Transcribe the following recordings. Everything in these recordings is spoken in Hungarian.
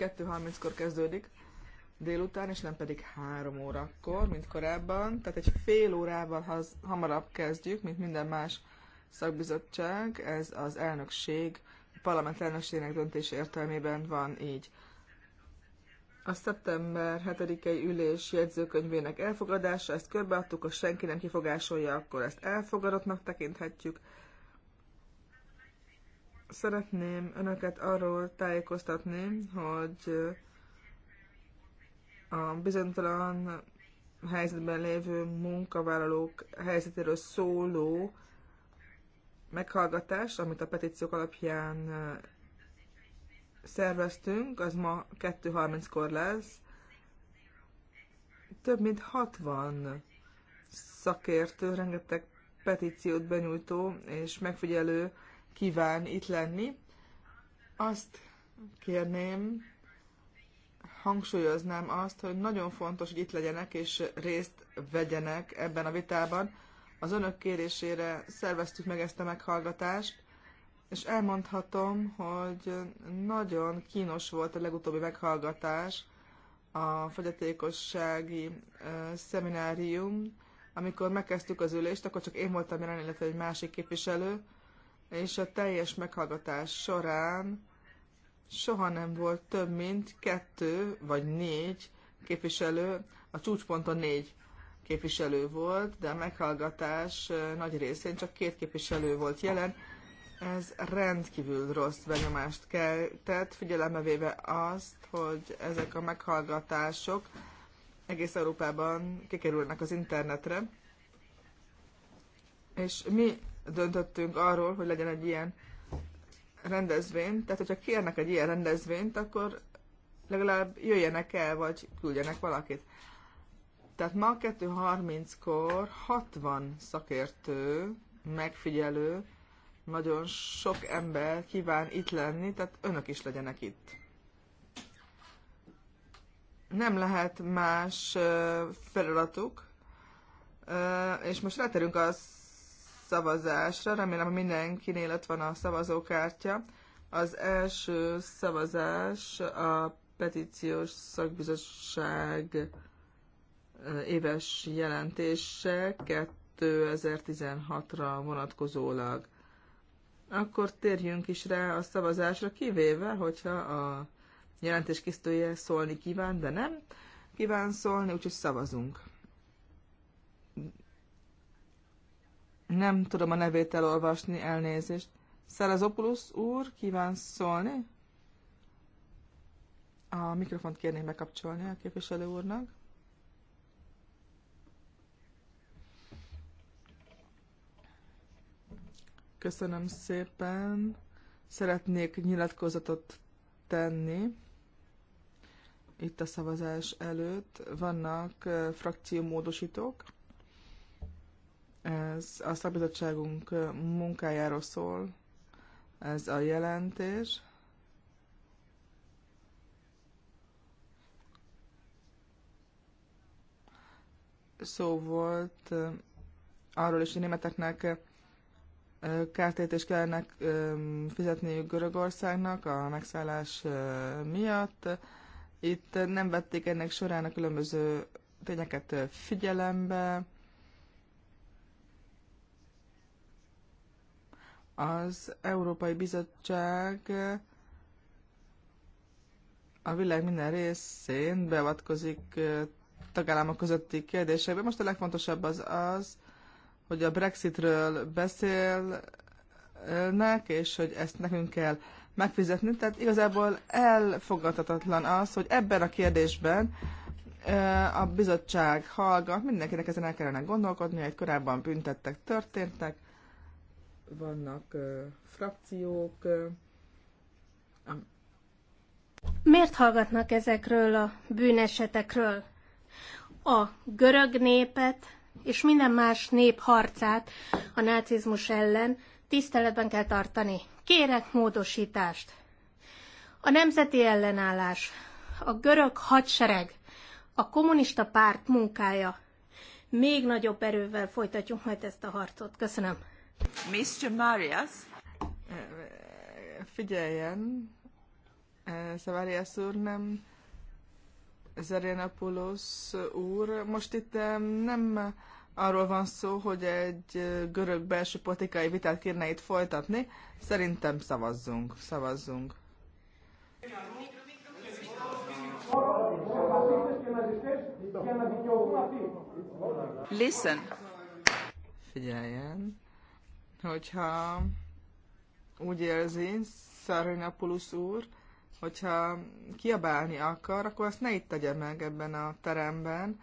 2.30-kor kezdődik délután, és nem pedig 3 órakor, mint korábban. Tehát egy fél órával haz, hamarabb kezdjük, mint minden más szakbizottság. Ez az elnökség, a parlament elnökségének döntés értelmében van így. A szeptember 7-i ülés jegyzőkönyvének elfogadása, ezt körbeadtuk, ha senki nem kifogásolja, akkor ezt elfogadottnak tekinthetjük. Szeretném önöket arról tájékoztatni, hogy a bizonytalan helyzetben lévő munkavállalók helyzetéről szóló meghallgatás, amit a petíciók alapján szerveztünk, az ma 2.30-kor lesz. Több mint 60 szakértő, rengeteg petíciót benyújtó és megfigyelő kíván itt lenni. Azt kérném, hangsúlyoznám azt, hogy nagyon fontos, hogy itt legyenek és részt vegyenek ebben a vitában. Az önök kérésére szerveztük meg ezt a meghallgatást, és elmondhatom, hogy nagyon kínos volt a legutóbbi meghallgatás, a fogyatékossági szeminárium, amikor megkezdtük az ülést, akkor csak én voltam jelen, illetve egy másik képviselő, és a teljes meghallgatás során soha nem volt több, mint kettő vagy négy képviselő, a csúcsponton négy képviselő volt, de a meghallgatás nagy részén csak két képviselő volt jelen. Ez rendkívül rossz benyomást keltett, figyelembe véve azt, hogy ezek a meghallgatások egész Európában kikerülnek az internetre. És mi döntöttünk arról, hogy legyen egy ilyen rendezvény. Tehát, hogyha kérnek egy ilyen rendezvényt, akkor legalább jöjjenek el, vagy küldjenek valakit. Tehát ma 2.30-kor 60 szakértő, megfigyelő, nagyon sok ember kíván itt lenni, tehát önök is legyenek itt. Nem lehet más feladatuk, és most ráterünk az szavazásra. Remélem, hogy mindenkinél ott van a szavazókártya. Az első szavazás a petíciós szakbizottság éves jelentése 2016-ra vonatkozólag. Akkor térjünk is rá a szavazásra, kivéve, hogyha a jelentés szólni kíván, de nem kíván szólni, úgyhogy szavazunk. Nem tudom a nevét elolvasni, elnézést. Szerazopulusz úr, kíván szólni? A mikrofont kérném bekapcsolni a képviselő úrnak. Köszönöm szépen. Szeretnék nyilatkozatot tenni itt a szavazás előtt. Vannak eh, frakciómódosítók. módosítók. Ez a szabadságunk munkájáról szól, ez a jelentés. Szó volt arról is, hogy németeknek is kellene fizetniük Görögországnak a megszállás miatt. Itt nem vették ennek során a különböző tényeket figyelembe, Az Európai Bizottság a világ minden részén beavatkozik tagállamok közötti kérdésekbe. Most a legfontosabb az az, hogy a Brexitről beszélnek, és hogy ezt nekünk kell megfizetni. Tehát igazából elfogadhatatlan az, hogy ebben a kérdésben a bizottság hallgat, mindenkinek ezen el kellene gondolkodni, hogy korábban büntettek történtek, vannak frakciók. Miért hallgatnak ezekről a bűnesetekről? A görög népet és minden más nép harcát a nácizmus ellen tiszteletben kell tartani. Kérek módosítást. A nemzeti ellenállás, a görög hadsereg, a kommunista párt munkája. Még nagyobb erővel folytatjuk majd ezt a harcot. Köszönöm. Mr. Marias. Figyeljen, Szavarias úr, nem Zerénapulos úr. Most itt nem arról van szó, hogy egy görög belső politikai vitát kérne itt folytatni. Szerintem szavazzunk, szavazzunk. Listen. Figyeljen hogyha úgy érzi Szarvinapulusz úr, hogyha kiabálni akar, akkor azt ne itt tegye meg ebben a teremben.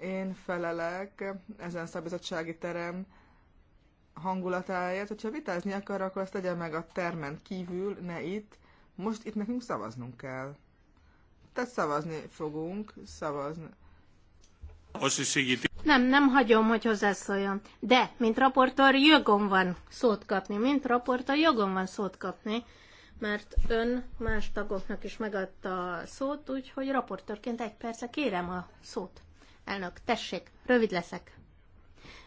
Én felelek ezen szabizottsági terem hangulatáért, hogyha vitázni akar, akkor azt tegye meg a termen kívül, ne itt. Most itt nekünk szavaznunk kell. Tehát szavazni fogunk, szavazni nem, nem hagyom, hogy hozzászóljon. De, mint raportőr jogom van szót kapni. Mint raportőr jogom van szót kapni, mert ön más tagoknak is megadta a szót, úgyhogy raportőrként egy perce kérem a szót. Elnök, tessék, rövid leszek.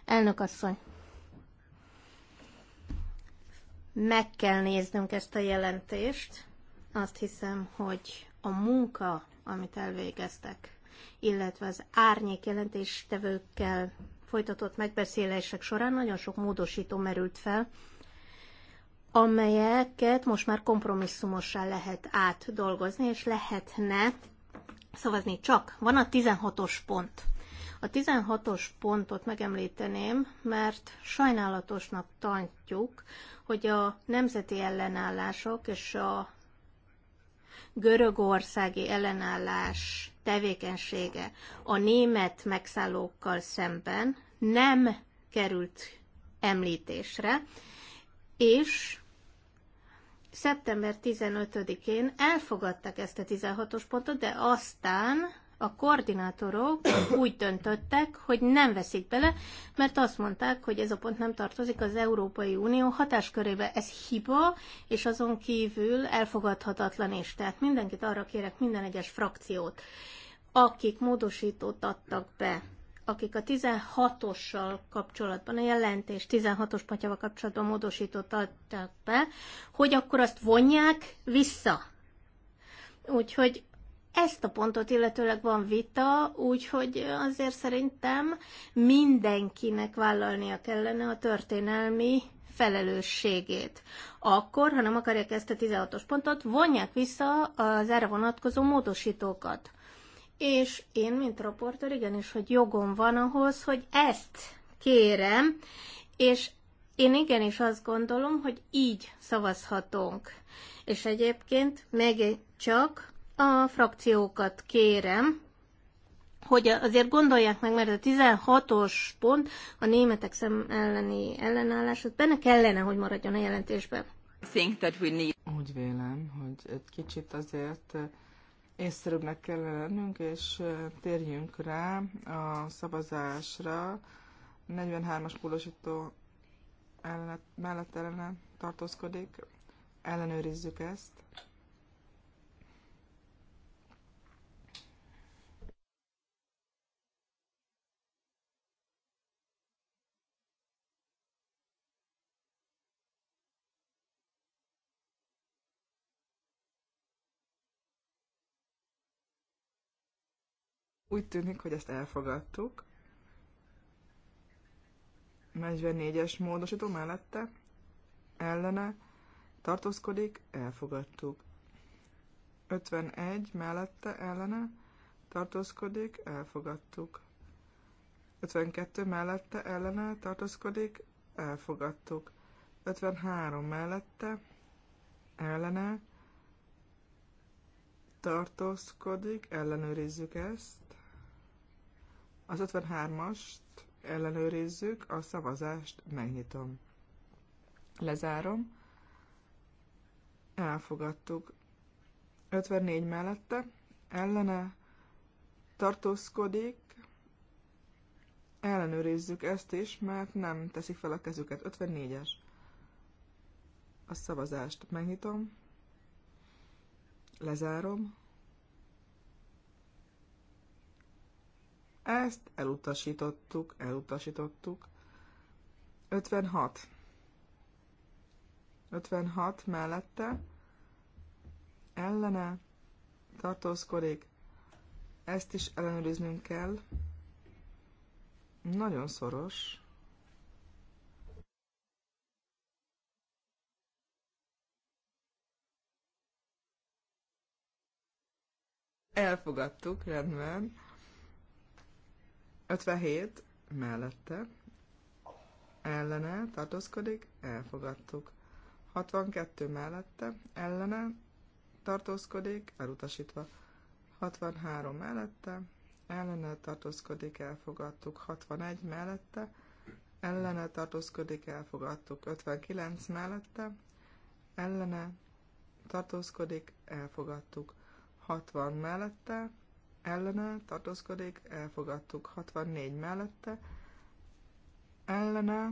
Elnök asszony. Meg kell néznünk ezt a jelentést. Azt hiszem, hogy a munka, amit elvégeztek, illetve az árnyék jelentéstevőkkel folytatott megbeszélések során nagyon sok módosító merült fel, amelyeket most már kompromisszumossá lehet átdolgozni, és lehetne szavazni csak. Van a 16-os pont. A 16-os pontot megemlíteném, mert sajnálatosnak tantjuk, hogy a nemzeti ellenállások és a görögországi ellenállás tevékenysége a német megszállókkal szemben nem került említésre, és szeptember 15-én elfogadtak ezt a 16-os pontot, de aztán a koordinátorok úgy döntöttek, hogy nem veszik bele, mert azt mondták, hogy ez a pont nem tartozik az Európai Unió hatáskörébe. Ez hiba, és azon kívül elfogadhatatlan is. Tehát mindenkit arra kérek, minden egyes frakciót, akik módosítót adtak be, akik a 16-ossal kapcsolatban, a jelentés 16-os patyával kapcsolatban módosítót adtak be, hogy akkor azt vonják vissza. Úgyhogy ezt a pontot illetőleg van vita, úgyhogy azért szerintem mindenkinek vállalnia kellene a történelmi felelősségét. Akkor, ha nem akarják ezt a 16-os pontot, vonják vissza az erre vonatkozó módosítókat. És én, mint raportőr, igenis, hogy jogom van ahhoz, hogy ezt kérem, és én igenis azt gondolom, hogy így szavazhatunk. És egyébként még csak a frakciókat kérem, hogy azért gondolják meg, mert a 16-os pont a németek szem elleni ellenállás, az benne kellene, hogy maradjon a jelentésben. Think that we need. Úgy vélem, hogy egy kicsit azért észszerűbbnek kellene lennünk, és térjünk rá a szavazásra. 43-as pólosító mellett ellene tartózkodik. Ellenőrizzük ezt. Úgy tűnik, hogy ezt elfogadtuk. 44-es módosító mellette ellene tartózkodik, elfogadtuk. 51 mellette ellene tartózkodik, elfogadtuk. 52 mellette ellene tartózkodik, elfogadtuk. 53 mellette ellene tartózkodik, ellenőrizzük ezt. Az 53-ast ellenőrizzük, a szavazást megnyitom. Lezárom. Elfogadtuk. 54 mellette, ellene tartózkodik, ellenőrizzük ezt is, mert nem teszik fel a kezüket. 54-es. A szavazást megnyitom, lezárom, Ezt elutasítottuk, elutasítottuk. 56. 56 mellette ellene tartózkodik. Ezt is ellenőriznünk kell. Nagyon szoros. Elfogadtuk, rendben. 57 mellette ellene tartózkodik, elfogadtuk. 62 mellette ellene tartózkodik, elutasítva. 63 mellette ellene tartózkodik, elfogadtuk. 61 mellette ellene tartózkodik, elfogadtuk. 59 mellette ellene tartózkodik, elfogadtuk. 60 mellette ellene tartózkodik, elfogadtuk 64 mellette, ellene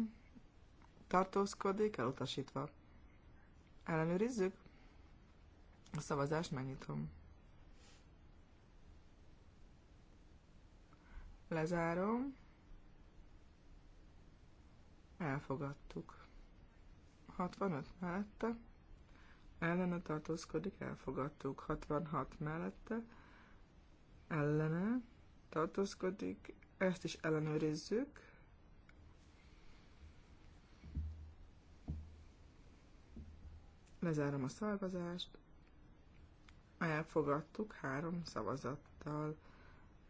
tartózkodik, elutasítva. Ellenőrizzük. A szavazást megnyitom. Lezárom. Elfogadtuk. 65 mellette. Ellene tartózkodik, elfogadtuk. 66 mellette ellene tartózkodik, ezt is ellenőrizzük. Lezárom a szavazást. Elfogadtuk három szavazattal.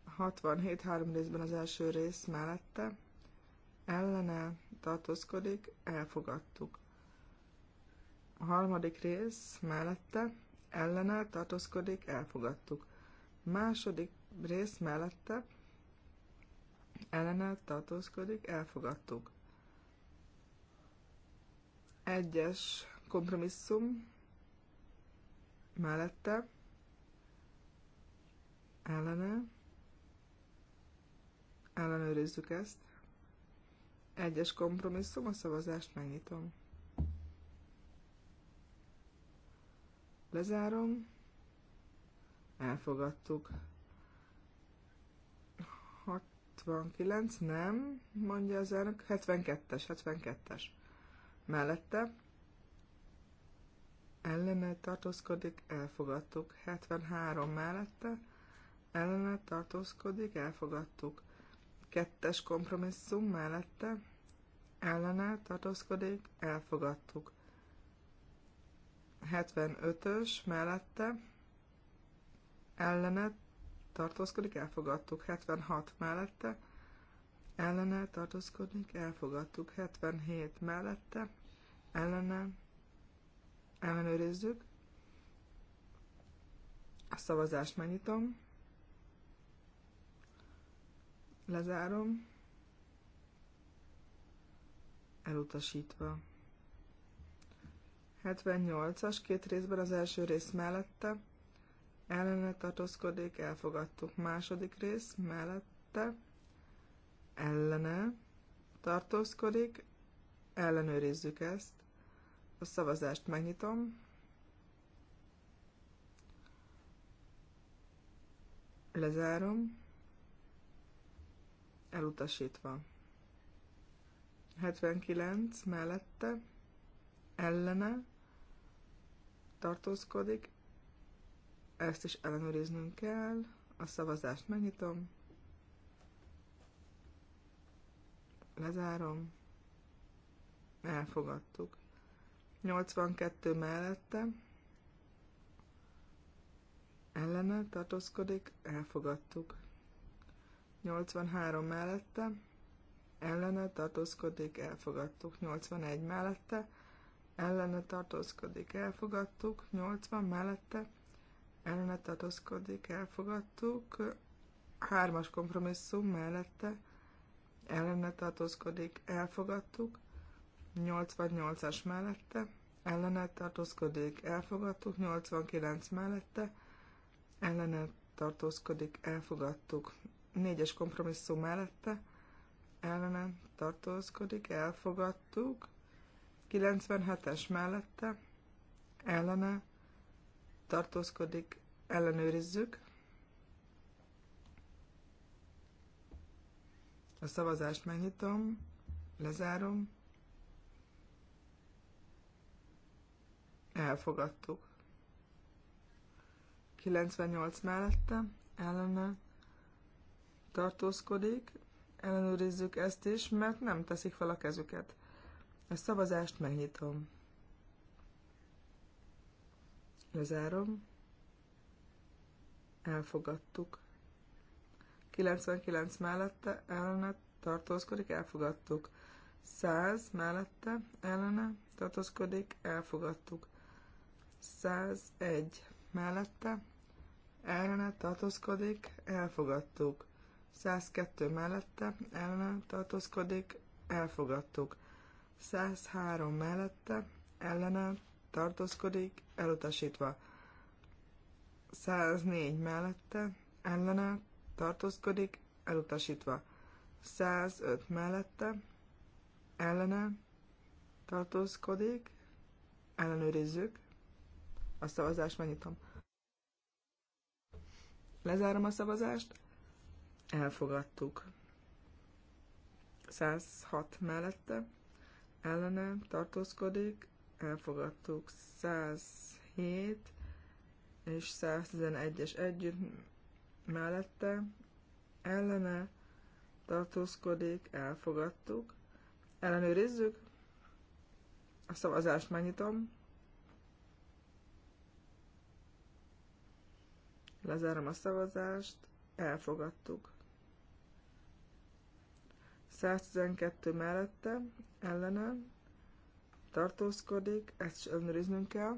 67 három részben az első rész mellette ellene tartózkodik, elfogadtuk. A harmadik rész mellette ellene tartózkodik, elfogadtuk. Második rész mellette ellenállt tartózkodik, elfogadtuk. Egyes kompromisszum mellette ellene ellenőrizzük ezt. Egyes kompromisszum, a szavazást megnyitom. Lezárom elfogadtuk. 69, nem, mondja az elnök, 72-es, 72-es. Mellette ellene tartózkodik, elfogadtuk. 73 mellette ellene tartózkodik, elfogadtuk. Kettes kompromisszum mellette ellene tartózkodik, elfogadtuk. 75-ös mellette ellene tartózkodik, elfogadtuk. 76 mellette ellene tartózkodik, elfogadtuk. 77 mellette ellene ellenőrizzük. A szavazást megnyitom. Lezárom. Elutasítva. 78-as, két részben az első rész mellette ellene tartózkodik, elfogadtuk. Második rész mellette ellene tartózkodik, ellenőrizzük ezt. A szavazást megnyitom. Lezárom. Elutasítva. 79 mellette ellene tartózkodik, ezt is ellenőriznünk kell. A szavazást megnyitom. Lezárom. Elfogadtuk. 82 mellette. Ellene tartózkodik. Elfogadtuk. 83 mellette ellene tartózkodik, elfogadtuk. 81 mellette, ellene tartózkodik, elfogadtuk. 80 mellette, ellene tartózkodik, elfogadtuk. Hármas kompromisszum mellette ellene tartózkodik, elfogadtuk. 88-as mellette ellene tartózkodik, elfogadtuk. 89 mellette ellene tartózkodik, elfogadtuk. 4-es kompromisszum mellette ellene tartózkodik, elfogadtuk. 97-es mellette ellene tartózkodik, ellenőrizzük. A szavazást megnyitom, lezárom. Elfogadtuk. 98 mellette, ellene tartózkodik, ellenőrizzük ezt is, mert nem teszik fel a kezüket. A szavazást megnyitom. Lezárom. Elfogadtuk. 99 mellette ellene tartózkodik, elfogadtuk. 100 mellette ellene tartózkodik, elfogadtuk. 101 mellette ellene tartózkodik, elfogadtuk. 102 mellette ellene tartózkodik, elfogadtuk. 103 mellette ellene tartózkodik, elutasítva. 104 mellette, ellene, tartózkodik, elutasítva. 105 mellette, ellene, tartózkodik, ellenőrizzük. A szavazást megnyitom. Lezárom a szavazást. Elfogadtuk. 106 mellette, ellene tartózkodik, elfogadtuk 107 és 111-es együtt mellette ellene tartózkodik, elfogadtuk. Ellenőrizzük. A szavazást megnyitom. Lezárom a szavazást. Elfogadtuk. 112 mellette, ellene tartózkodik, ezt is ellenőriznünk kell.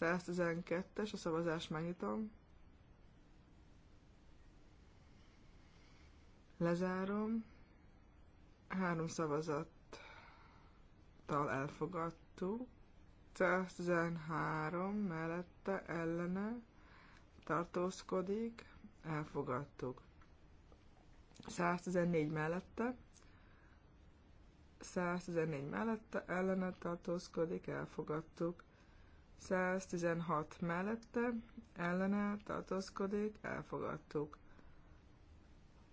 112-es, a szavazást megnyitom. Lezárom. Három szavazattal elfogadtuk. 113 mellette ellene tartózkodik, elfogadtuk. 114 mellette 114 mellette ellene tartózkodik, elfogadtuk. 116 mellette ellene tartózkodik, elfogadtuk.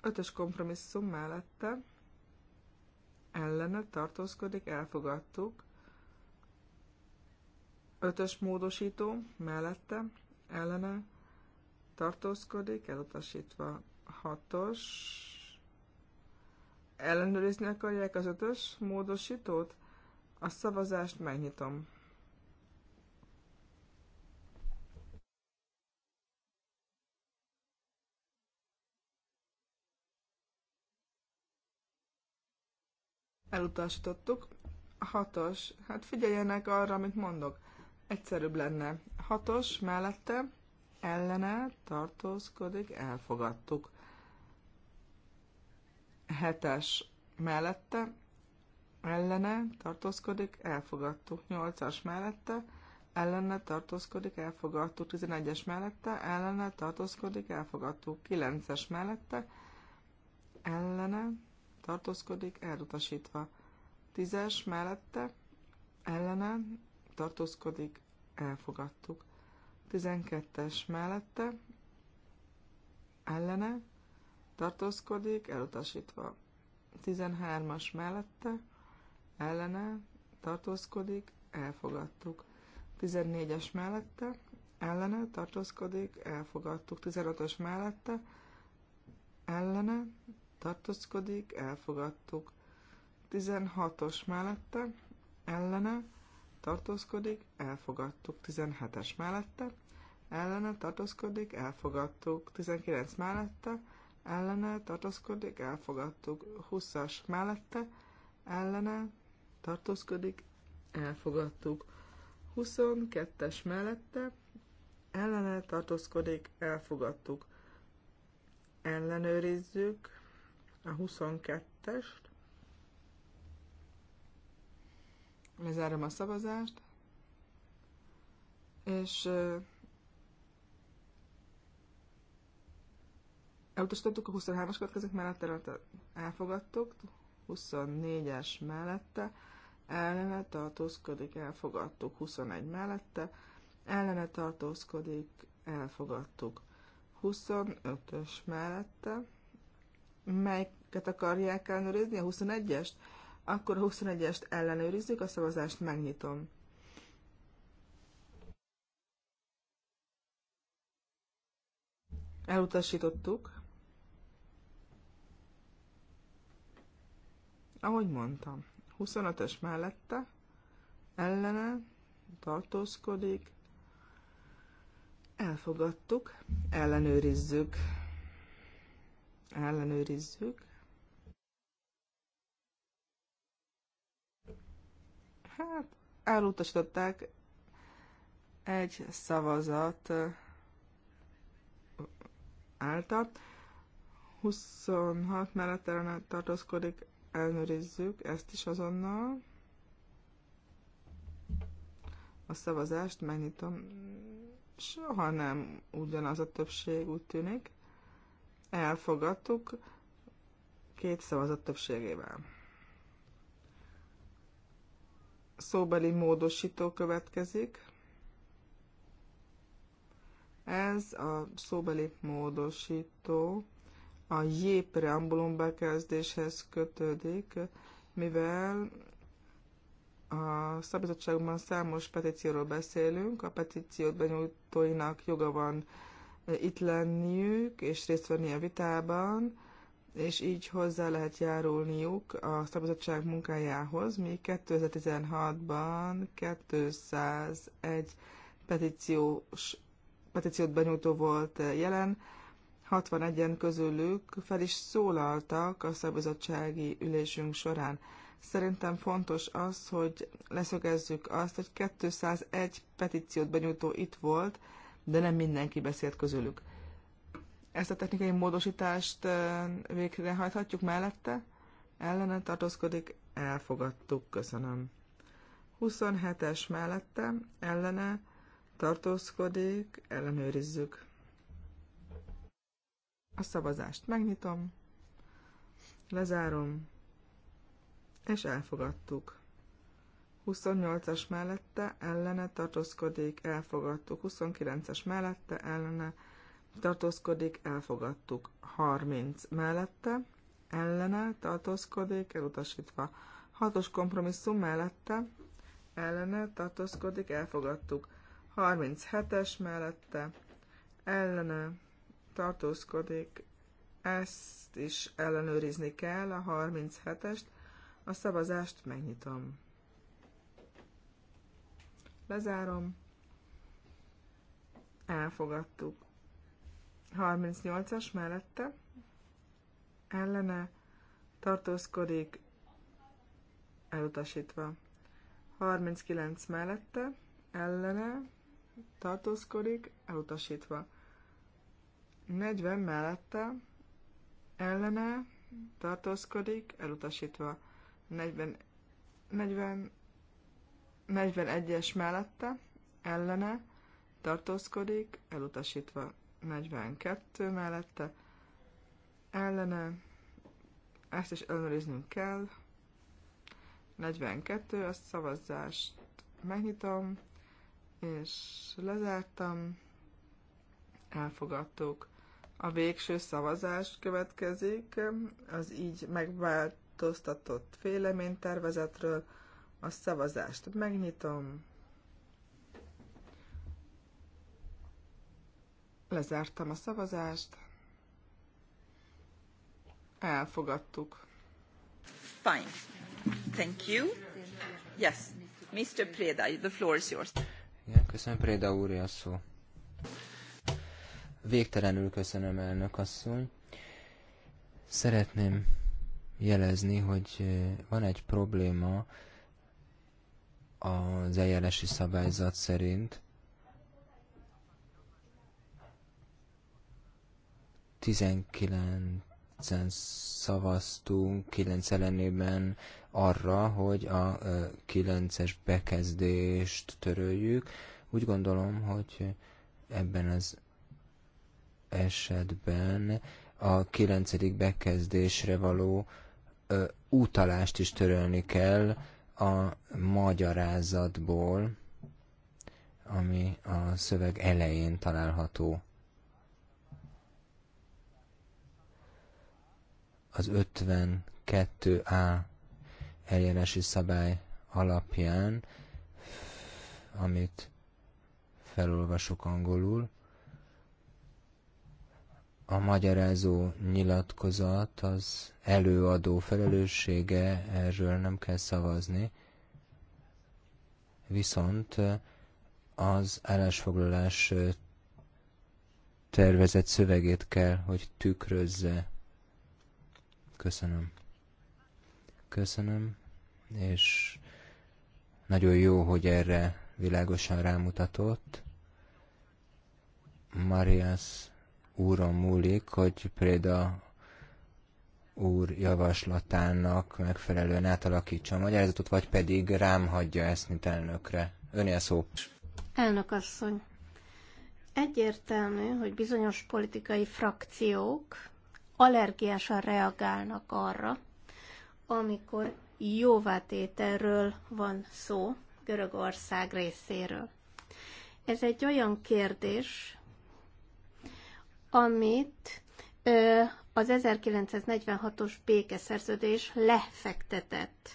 5-ös kompromisszum mellette ellene tartózkodik, elfogadtuk. 5-ös módosító mellette ellene tartózkodik, elutasítva 6-os Ellenőrizni akarják az ötös módosítót? A szavazást megnyitom. Elutasítottuk. Hatos. Hát figyeljenek arra, amit mondok. Egyszerűbb lenne. Hatos mellette ellene tartózkodik, elfogadtuk hetes mellette, ellene tartózkodik, elfogadtuk. 8-as mellette, ellene tartózkodik, elfogadtuk. 11-es mellette, ellene tartózkodik, elfogadtuk. 9-es mellette, ellene tartózkodik, elutasítva. 10-es mellette, ellene tartózkodik, elfogadtuk. 12-es mellette, ellene tartózkodik, elutasítva. 13-as mellette, ellene, tartózkodik, elfogadtuk. 14-es mellette, ellene, tartózkodik, elfogadtuk. 15-ös mellette, ellene, tartózkodik, elfogadtuk. 16-os mellette, ellene, tartózkodik, elfogadtuk. 17-es mellette, ellene, tartózkodik, elfogadtuk. 19 mellette, ellene tartózkodik, elfogadtuk. 20-as mellette ellene tartózkodik, elfogadtuk. 22-es mellette ellene tartózkodik, elfogadtuk. Ellenőrizzük a 22-est. Lezárom a szavazást. És elutasítottuk, a 23-as következők mellett, mellette, elfogadtuk, 24-es mellette, ellene tartózkodik, elfogadtuk, 21 mellette, ellene tartózkodik, elfogadtuk, 25-ös mellette, melyiket akarják ellenőrizni, a 21-est? Akkor a 21-est ellenőrizzük, a szavazást megnyitom. Elutasítottuk. Ahogy mondtam, 25-ös mellette ellene tartózkodik, elfogadtuk, ellenőrizzük, ellenőrizzük. Hát, elutasították egy szavazat által. 26 mellett ellene tartózkodik, ellenőrizzük ezt is azonnal. A szavazást megnyitom. Soha nem ugyanaz a többség, úgy tűnik. Elfogadtuk két szavazat többségével. Szóbeli módosító következik. Ez a szóbeli módosító a J preambulum bekezdéshez kötődik, mivel a szabizottságunkban számos petícióról beszélünk, a petíciót benyújtóinak joga van itt lenniük és részt venni a vitában, és így hozzá lehet járulniuk a szabadság munkájához. Mi 2016-ban 201 petíciós, petíciót benyújtó volt jelen, 61-en közülük fel is szólaltak a szabizottsági ülésünk során. Szerintem fontos az, hogy leszögezzük azt, hogy 201 petíciót benyújtó itt volt, de nem mindenki beszélt közülük. Ezt a technikai módosítást végrehajthatjuk mellette? Ellene tartózkodik, elfogadtuk, köszönöm. 27-es mellette, ellene tartózkodik, ellenőrizzük. A szavazást megnyitom, lezárom, és elfogadtuk. 28-as mellette ellene tartózkodik, elfogadtuk. 29-es mellette ellene tartózkodik, elfogadtuk. 30 mellette ellene tartózkodik, elutasítva. 6-os kompromisszum mellette ellene tartózkodik, elfogadtuk. 37-es mellette ellene tartózkodik, ezt is ellenőrizni kell, a 37-est, a szavazást megnyitom. Lezárom. Elfogadtuk. 38-as mellette ellene tartózkodik, elutasítva. 39 mellette ellene tartózkodik, elutasítva. 40 mellette ellene tartózkodik, elutasítva 40, 40, 41-es mellette ellene tartózkodik, elutasítva 42 mellette ellene, ezt is ellenőriznünk kell, 42, a szavazást megnyitom, és lezártam, elfogadtuk a végső szavazás következik az így megváltoztatott véleménytervezetről. A szavazást megnyitom. Lezártam a szavazást. Elfogadtuk. Fine. Thank you. Yes. Mr. Preda, the floor is yours. Igen, köszönöm, Preda úr, a szó. Végtelenül köszönöm, elnök asszony. Szeretném jelezni, hogy eh, van egy probléma az eljárási szabályzat szerint. 19 szavaztunk, 9 ellenében arra, hogy a 9-es eh, bekezdést töröljük. Úgy gondolom, hogy ebben az esetben a kilencedik bekezdésre való ö, utalást is törölni kell a magyarázatból, ami a szöveg elején található. Az 52A eljárási szabály alapján, amit felolvasok angolul, a magyarázó nyilatkozat az előadó felelőssége, erről nem kell szavazni. Viszont az állásfoglalás tervezett szövegét kell, hogy tükrözze. Köszönöm. Köszönöm, és nagyon jó, hogy erre világosan rámutatott. Marias úron múlik, hogy Préda úr javaslatának megfelelően átalakítsa a magyarázatot, vagy pedig rám hagyja ezt, mint elnökre. Önél szó. Elnök asszony, egyértelmű, hogy bizonyos politikai frakciók allergiásan reagálnak arra, amikor jóvátételről van szó Görögország részéről. Ez egy olyan kérdés, amit az 1946-os békeszerződés lefektetett.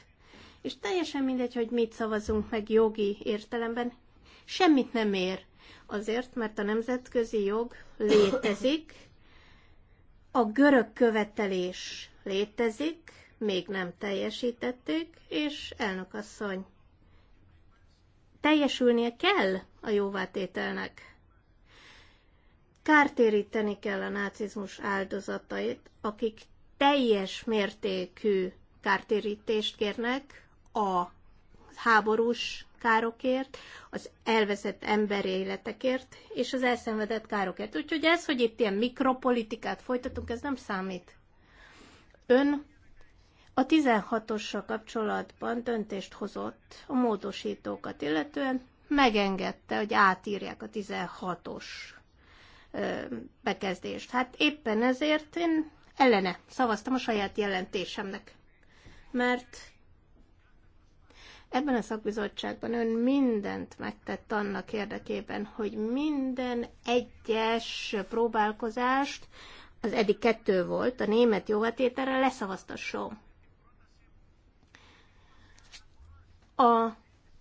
És teljesen mindegy, hogy mit szavazunk meg jogi értelemben, semmit nem ér. Azért, mert a nemzetközi jog létezik, a görög követelés létezik, még nem teljesítették, és elnökasszony, teljesülnie kell a jóvátételnek kártéríteni kell a nácizmus áldozatait, akik teljes mértékű kártérítést kérnek a háborús károkért, az elveszett emberi életekért és az elszenvedett károkért. Úgyhogy ez, hogy itt ilyen mikropolitikát folytatunk, ez nem számít. Ön a 16-ossal kapcsolatban döntést hozott a módosítókat, illetően megengedte, hogy átírják a 16-os bekezdést. Hát éppen ezért én ellene szavaztam a saját jelentésemnek. Mert ebben a szakbizottságban ön mindent megtett annak érdekében, hogy minden egyes próbálkozást, az eddig kettő volt, a német jóvetételre leszavaztasson. A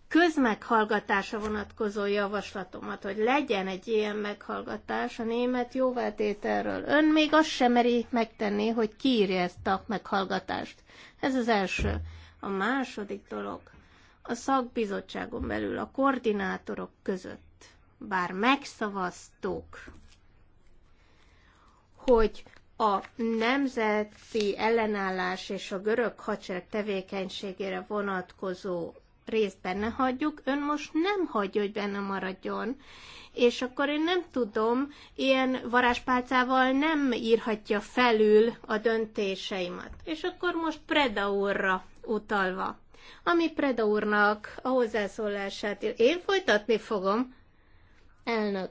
közmeghallgatása vonatkozó javaslatomat, hogy legyen egy ilyen meghallgatás a német jóváltételről. Ön még azt sem meri megtenni, hogy kiírja ezt a meghallgatást. Ez az első. A második dolog a szakbizottságon belül, a koordinátorok között, bár megszavaztuk, hogy a nemzeti ellenállás és a görög hadsereg tevékenységére vonatkozó részt benne hagyjuk, ön most nem hagyja, hogy benne maradjon. És akkor én nem tudom, ilyen varázspálcával nem írhatja felül a döntéseimet. És akkor most Preda úrra utalva. Ami Preda úrnak a hozzászólását én folytatni fogom. Elnök.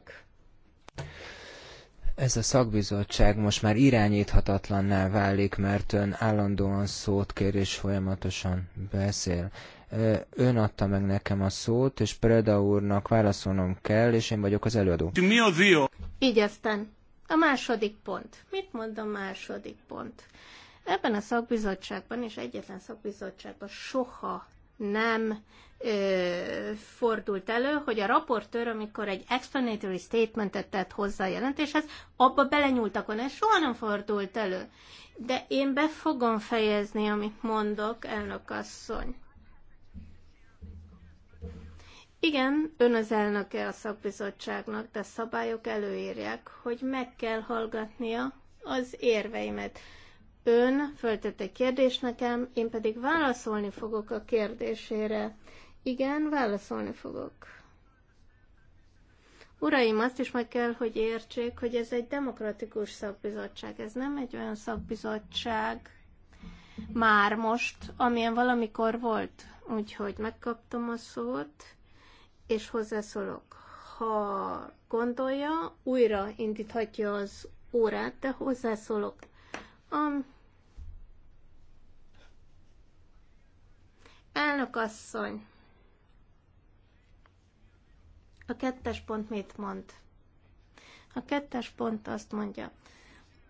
Ez a szakbizottság most már irányíthatatlanná válik, mert ön állandóan szót kér és folyamatosan beszél. Ön adta meg nekem a szót, és Preda úrnak válaszolnom kell, és én vagyok az előadó. Mi a dió? Így aztán. A második pont. Mit mond a második pont? Ebben a szakbizottságban és egyetlen szakbizottságban soha nem ö, fordult elő, hogy a raportőr, amikor egy explanatory statementet tett hozzá a jelentéshez, abba belenyúltak volna, ez soha nem fordult elő. De én be fogom fejezni, amit mondok, elnök asszony. Igen, ön az elnöke a szakbizottságnak, de szabályok előírják, hogy meg kell hallgatnia az érveimet. Ön föltett egy kérdést nekem, én pedig válaszolni fogok a kérdésére. Igen, válaszolni fogok. Uraim, azt is meg kell, hogy értsék, hogy ez egy demokratikus szakbizottság. Ez nem egy olyan szakbizottság már most, amilyen valamikor volt. Úgyhogy megkaptam a szót és hozzászólok. Ha gondolja, újra indíthatja az órát, de hozzászólok. Um, elnök asszony, a kettes pont mit mond? A kettes pont azt mondja,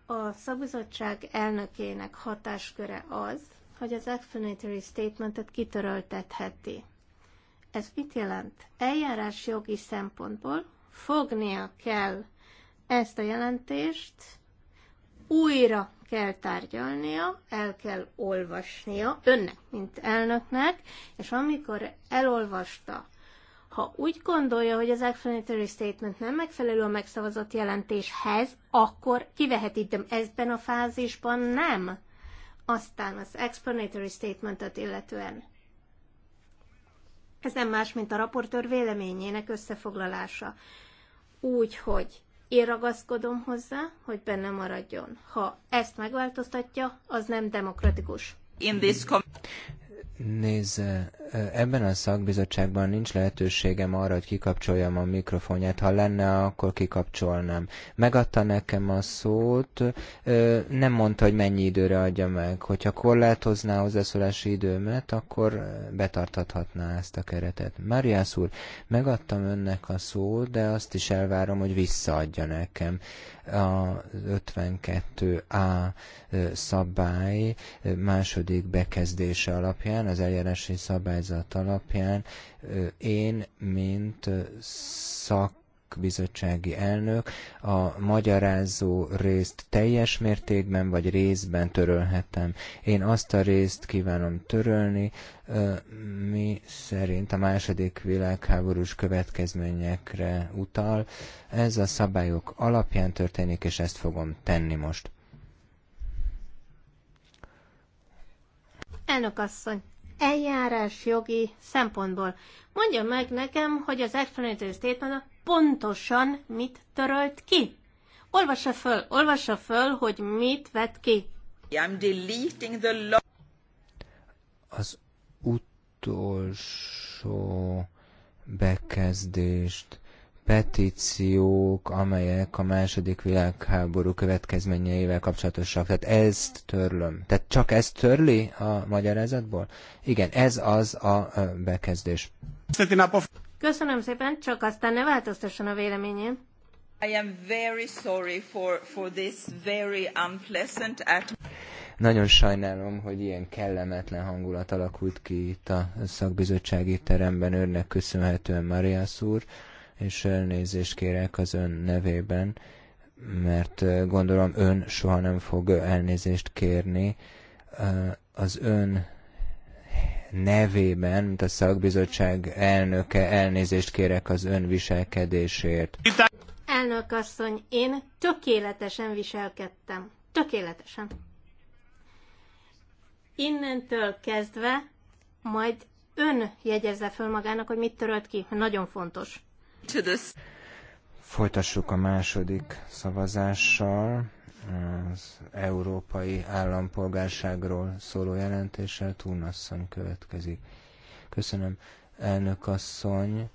a szabizottság elnökének hatásköre az, hogy az explanatory statementet kitöröltetheti. Ez mit jelent? Eljárás jogi szempontból fognia kell ezt a jelentést, újra kell tárgyalnia, el kell olvasnia önnek, mint elnöknek, és amikor elolvasta, ha úgy gondolja, hogy az explanatory statement nem megfelelő a megszavazott jelentéshez, akkor kiveheti, de ezben a fázisban nem. Aztán az explanatory statementet illetően ez nem más, mint a raportőr véleményének összefoglalása. Úgyhogy én ragaszkodom hozzá, hogy benne maradjon. Ha ezt megváltoztatja, az nem demokratikus. In this nézd ebben a szakbizottságban nincs lehetőségem arra, hogy kikapcsoljam a mikrofonját. Ha lenne, akkor kikapcsolnám. Megadta nekem a szót, nem mondta, hogy mennyi időre adja meg. Hogyha korlátozná hozzászólási időmet, akkor betartathatná ezt a keretet. Máriász úr, megadtam önnek a szót, de azt is elvárom, hogy visszaadja nekem a 52A szabály második bekezdése alapján, az eljárási szabályzat alapján én, mint szak bizottsági elnök, a magyarázó részt teljes mértékben vagy részben törölhetem. Én azt a részt kívánom törölni, mi szerint a második világháborús következményekre utal. Ez a szabályok alapján történik, és ezt fogom tenni most. Elnök asszony, eljárás jogi szempontból. Mondja meg nekem, hogy az explanatory statement pontosan mit törölt ki. Olvassa föl, olvassa föl, hogy mit vett ki. I'm deleting the lo- Az utolsó bekezdést petíciók, amelyek a második világháború következményeivel kapcsolatosak. Tehát ezt törlöm. Tehát csak ezt törli a magyarázatból? Igen, ez az a bekezdés. Köszönöm szépen, csak aztán ne változtasson a véleményén. I am very sorry for, for this very unpleasant Nagyon sajnálom, hogy ilyen kellemetlen hangulat alakult ki itt a szakbizottsági teremben önnek köszönhetően Maria úr, és elnézést kérek az ön nevében, mert gondolom ön soha nem fog elnézést kérni. Az ön nevében, mint a szakbizottság elnöke, elnézést kérek az ön viselkedésért. Elnök asszony, én tökéletesen viselkedtem. Tökéletesen. Innentől kezdve majd ön jegyezze föl magának, hogy mit törölt ki. Nagyon fontos. Folytassuk a második szavazással az európai állampolgárságról szóló jelentéssel Túnasszony következik. Köszönöm, elnök asszony.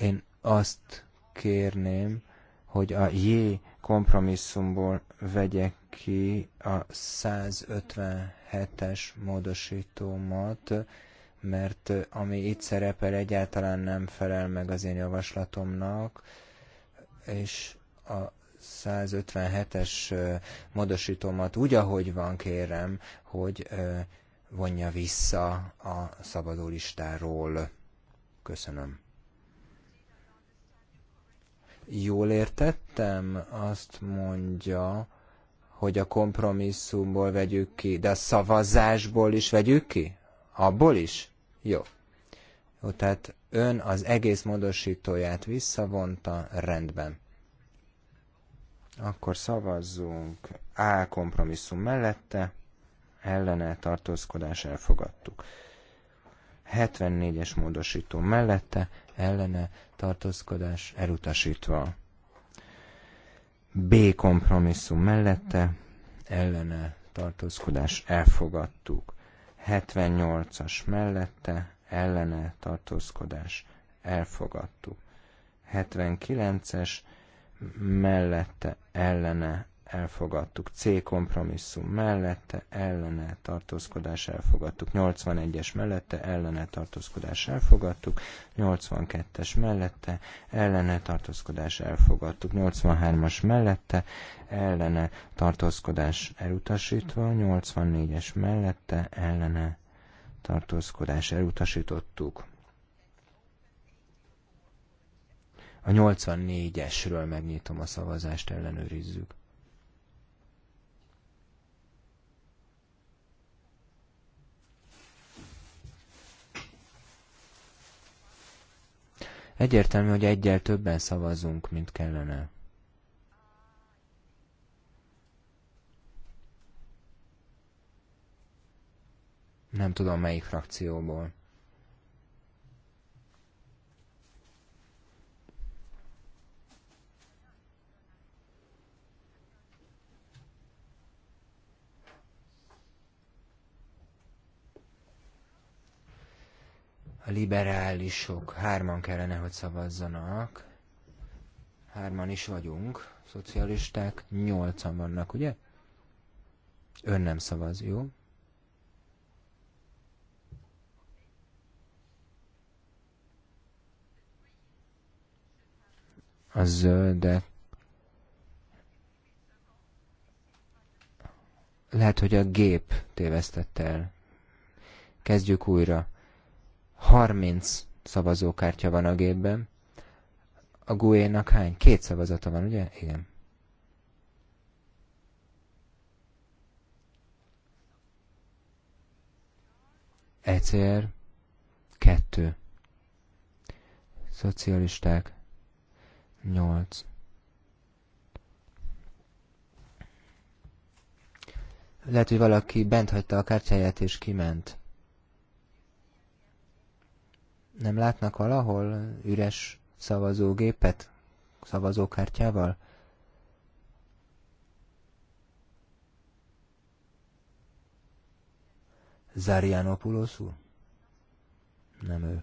Én azt kérném, hogy a J kompromisszumból vegyek ki a 157-es módosítómat, mert ami itt szerepel egyáltalán nem felel meg az én javaslatomnak, és a 157-es módosítómat úgy, ahogy van, kérem, hogy vonja vissza a szabadulistáról. Köszönöm. Jól értettem? Azt mondja, hogy a kompromisszumból vegyük ki, de a szavazásból is vegyük ki? Abból is? Jó. Jó, tehát ön az egész módosítóját visszavonta, rendben. Akkor szavazzunk A kompromisszum mellette, ellene tartózkodás elfogadtuk. 74-es módosító mellette, ellene tartózkodás elutasítva. B kompromisszum mellette, ellene tartózkodás elfogadtuk. 78-as mellette, ellene tartózkodás elfogadtuk. 79-es mellette ellene elfogadtuk, C kompromisszum mellette ellene tartózkodás elfogadtuk, 81-es mellette ellene tartózkodás elfogadtuk, 82-es mellette ellene tartózkodás elfogadtuk, 83-as mellette ellene tartózkodás elutasítva, 84-es mellette ellene tartózkodás elutasítottuk. A 84-esről megnyitom a szavazást, ellenőrizzük. Egyértelmű, hogy egyel többen szavazunk, mint kellene. Nem tudom melyik frakcióból. liberálisok hárman kellene, hogy szavazzanak. Hárman is vagyunk. Szocialisták nyolcan vannak, ugye? Ön nem szavaz, jó? A zöldek lehet, hogy a gép tévesztett el. Kezdjük újra. 30 szavazókártya van a gépben. A GUE-nak hány? Két szavazata van, ugye? Igen. ECR, kettő. Szocialisták, nyolc. Lehet, hogy valaki bent hagyta a kártyáját és kiment. Nem látnak valahol üres szavazógépet? Szavazókártyával? Zarianopoulos úr? Nem ő.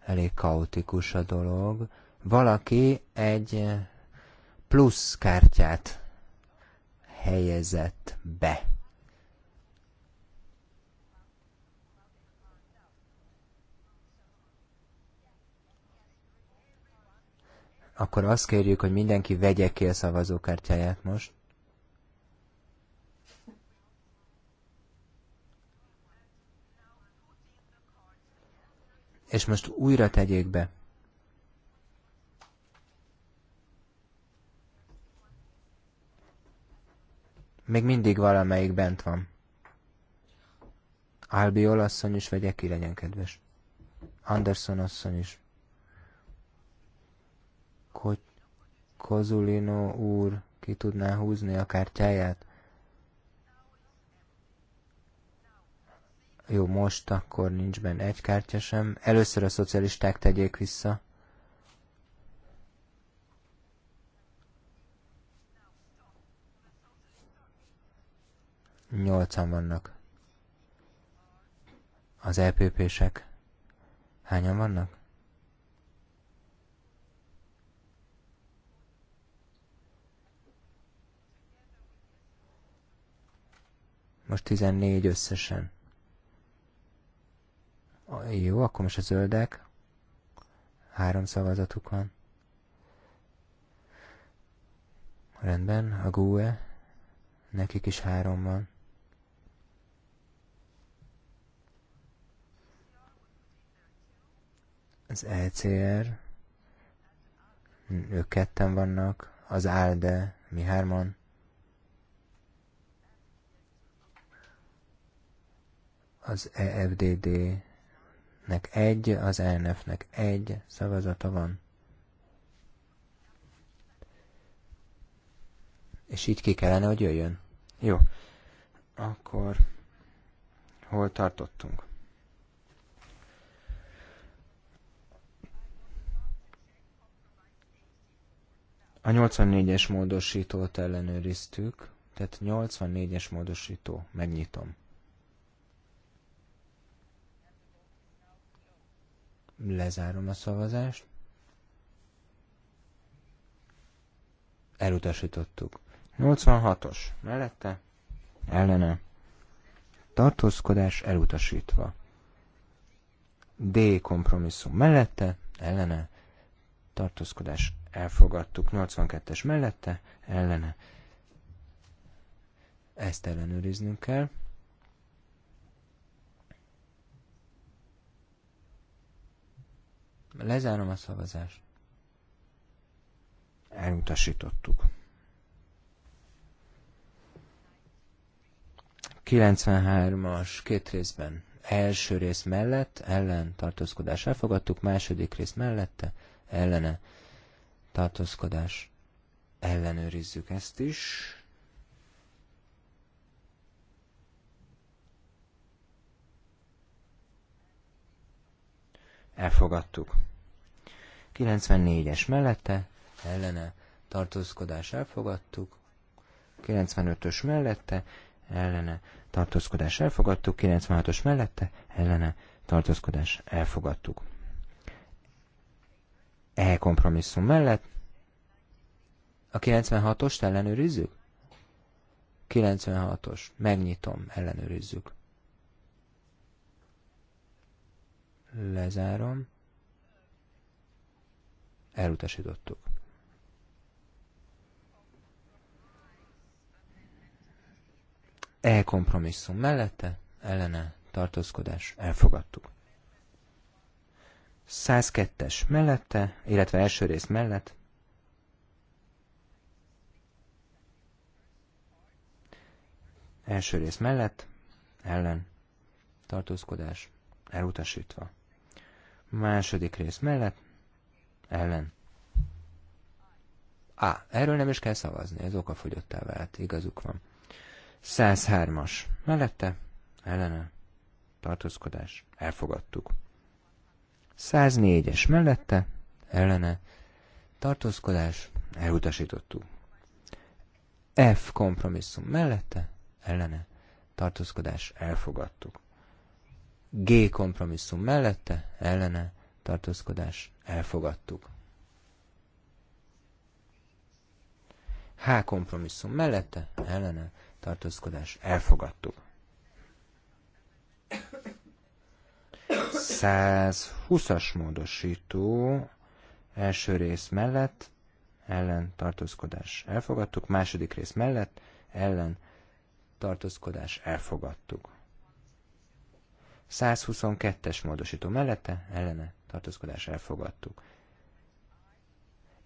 Elég kaotikus a dolog. Valaki egy eh, plusz kártyát helyezett be. Akkor azt kérjük, hogy mindenki vegye ki a szavazókártyáját most. És most újra tegyék be. Még mindig valamelyik bent van. Albiol asszony is vegye ki, legyen kedves. Anderson asszony is. Kozulino úr ki tudná húzni a kártyáját? Jó, most akkor nincs benne egy kártya sem. Először a szocialisták tegyék vissza. Nyolcan vannak. Az LPP-sek. E hányan vannak? Most 14 összesen. Jó, akkor most a zöldek. Három szavazatuk van. Rendben, a GUE. Nekik is három van. Az ECR. Ők ketten vannak. Az ALDE. Mi hárman. Az EFDD-nek egy, az ELNF-nek egy szavazata van. És így ki kellene, hogy jöjjön. Jó. Akkor hol tartottunk? A 84-es módosítót ellenőriztük, tehát 84-es módosító, megnyitom. Lezárom a szavazást. Elutasítottuk. 86-os. Mellette? Ellene. Tartózkodás elutasítva. D kompromisszum. Mellette? Ellene. Tartózkodás elfogadtuk. 82-es mellette? Ellene. Ezt ellenőriznünk kell. Lezárom a szavazást. Elutasítottuk. 93-as két részben. Első rész mellett, ellen tartózkodás elfogadtuk, második rész mellette, ellene tartózkodás ellenőrizzük ezt is. Elfogadtuk. 94-es mellette, ellene tartózkodás elfogadtuk, 95-ös mellette, ellene tartózkodás elfogadtuk, 96-os mellette, ellene tartózkodás elfogadtuk. E kompromisszum mellett a 96-ost ellenőrizzük? 96-os, megnyitom, ellenőrizzük. Lezárom elutasítottuk. E kompromisszum mellette, ellene tartózkodás elfogadtuk. 102-es mellette, illetve első rész mellett, első rész mellett, ellen, tartózkodás, elutasítva. Második rész mellett, ellen. Á, erről nem is kell szavazni, ez okafogyottá vált, igazuk van. 103-as, mellette, ellene, tartózkodás, elfogadtuk. 104-es mellette, ellene, tartózkodás, elutasítottuk. F kompromisszum mellette, ellene, tartózkodás, elfogadtuk. G kompromisszum mellette, ellene, tartózkodás, elfogadtuk. H kompromisszum mellette, ellene, tartózkodás, elfogadtuk. 120-as módosító első rész mellett, ellen tartózkodás elfogadtuk, második rész mellett, ellen tartózkodás elfogadtuk. 122-es módosító mellette, ellene tartózkodás elfogadtuk.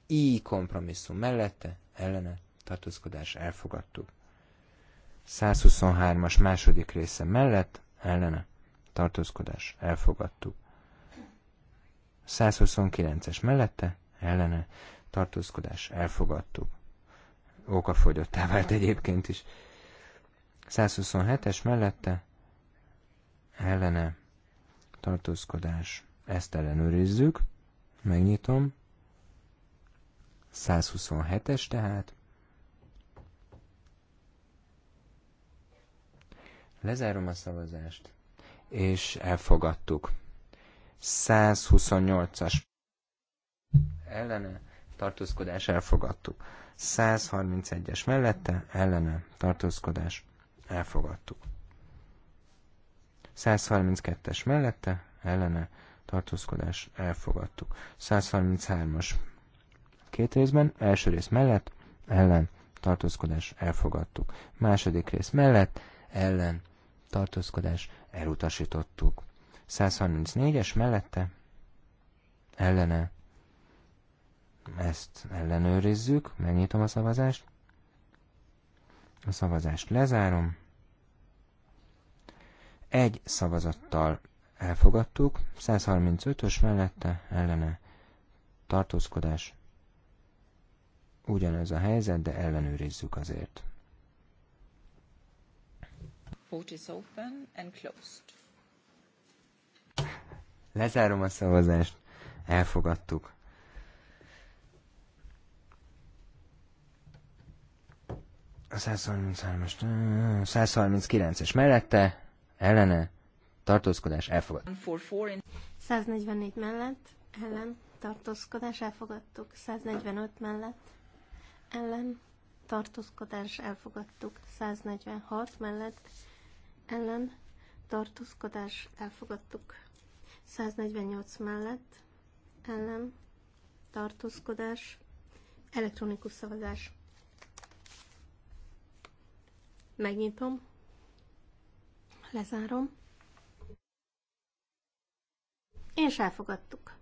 I kompromisszum mellette, ellene, tartózkodás elfogadtuk. 123-as második része mellett, ellene, tartózkodás elfogadtuk. 129-es mellette, ellene, tartózkodás elfogadtuk. Ókafogyottá vált egyébként is. 127-es mellette, ellene, tartózkodás ezt ellenőrizzük. Megnyitom. 127-es tehát. Lezárom a szavazást, és elfogadtuk. 128-as ellene tartózkodás elfogadtuk. 131-es mellette ellene tartózkodás elfogadtuk. 132-es mellette ellene tartózkodás, elfogadtuk. 133-as két részben, első rész mellett, ellen, tartózkodás, elfogadtuk. Második rész mellett, ellen, tartózkodás, elutasítottuk. 134-es mellette, ellene, ezt ellenőrizzük, megnyitom a szavazást, a szavazást lezárom, egy szavazattal elfogadtuk, 135-ös mellette ellene tartózkodás. Ugyanez a helyzet, de ellenőrizzük azért. Lezárom a szavazást. Elfogadtuk. A 133-as, 139-es mellette, ellene, tartózkodás elfogadt. 144 mellett, ellen, tartózkodás elfogadtuk. 145 mellett, ellen, tartózkodás elfogadtuk. 146 mellett, ellen, tartózkodás elfogadtuk. 148 mellett, ellen, tartózkodás, elektronikus szavazás. Megnyitom, lezárom és elfogadtuk.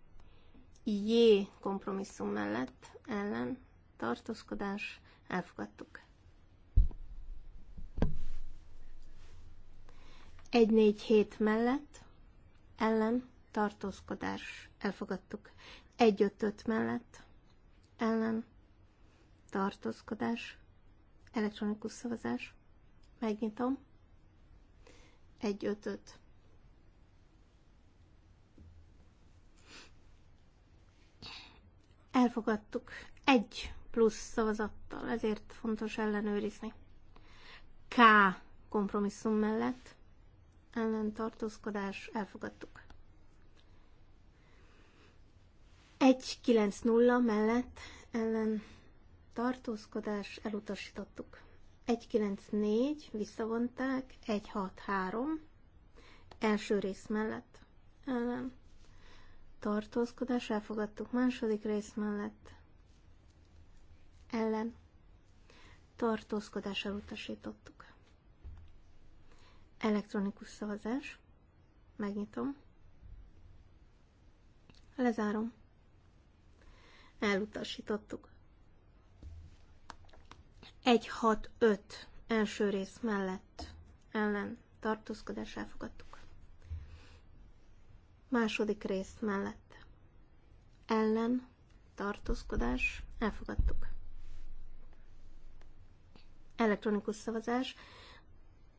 Jé kompromisszum mellett ellen tartózkodás elfogadtuk. 147 mellett ellen tartózkodás elfogadtuk. 155 mellett ellen tartózkodás elektronikus szavazás megnyitom 155 Elfogadtuk. Egy plusz szavazattal, ezért fontos ellenőrizni. K kompromisszum mellett ellentartózkodás elfogadtuk. 1-9-0 mellett ellen tartózkodás elutasítottuk. 1-9-4 visszavonták, 1-6-3 első rész mellett ellen tartózkodás, elfogadtuk második rész mellett, ellen, tartózkodás elutasítottuk. Elektronikus szavazás, megnyitom, lezárom, elutasítottuk. 1-6-5 első rész mellett, ellen, tartózkodás elfogadtuk Második rész mellett. Ellen, tartózkodás, elfogadtuk. Elektronikus szavazás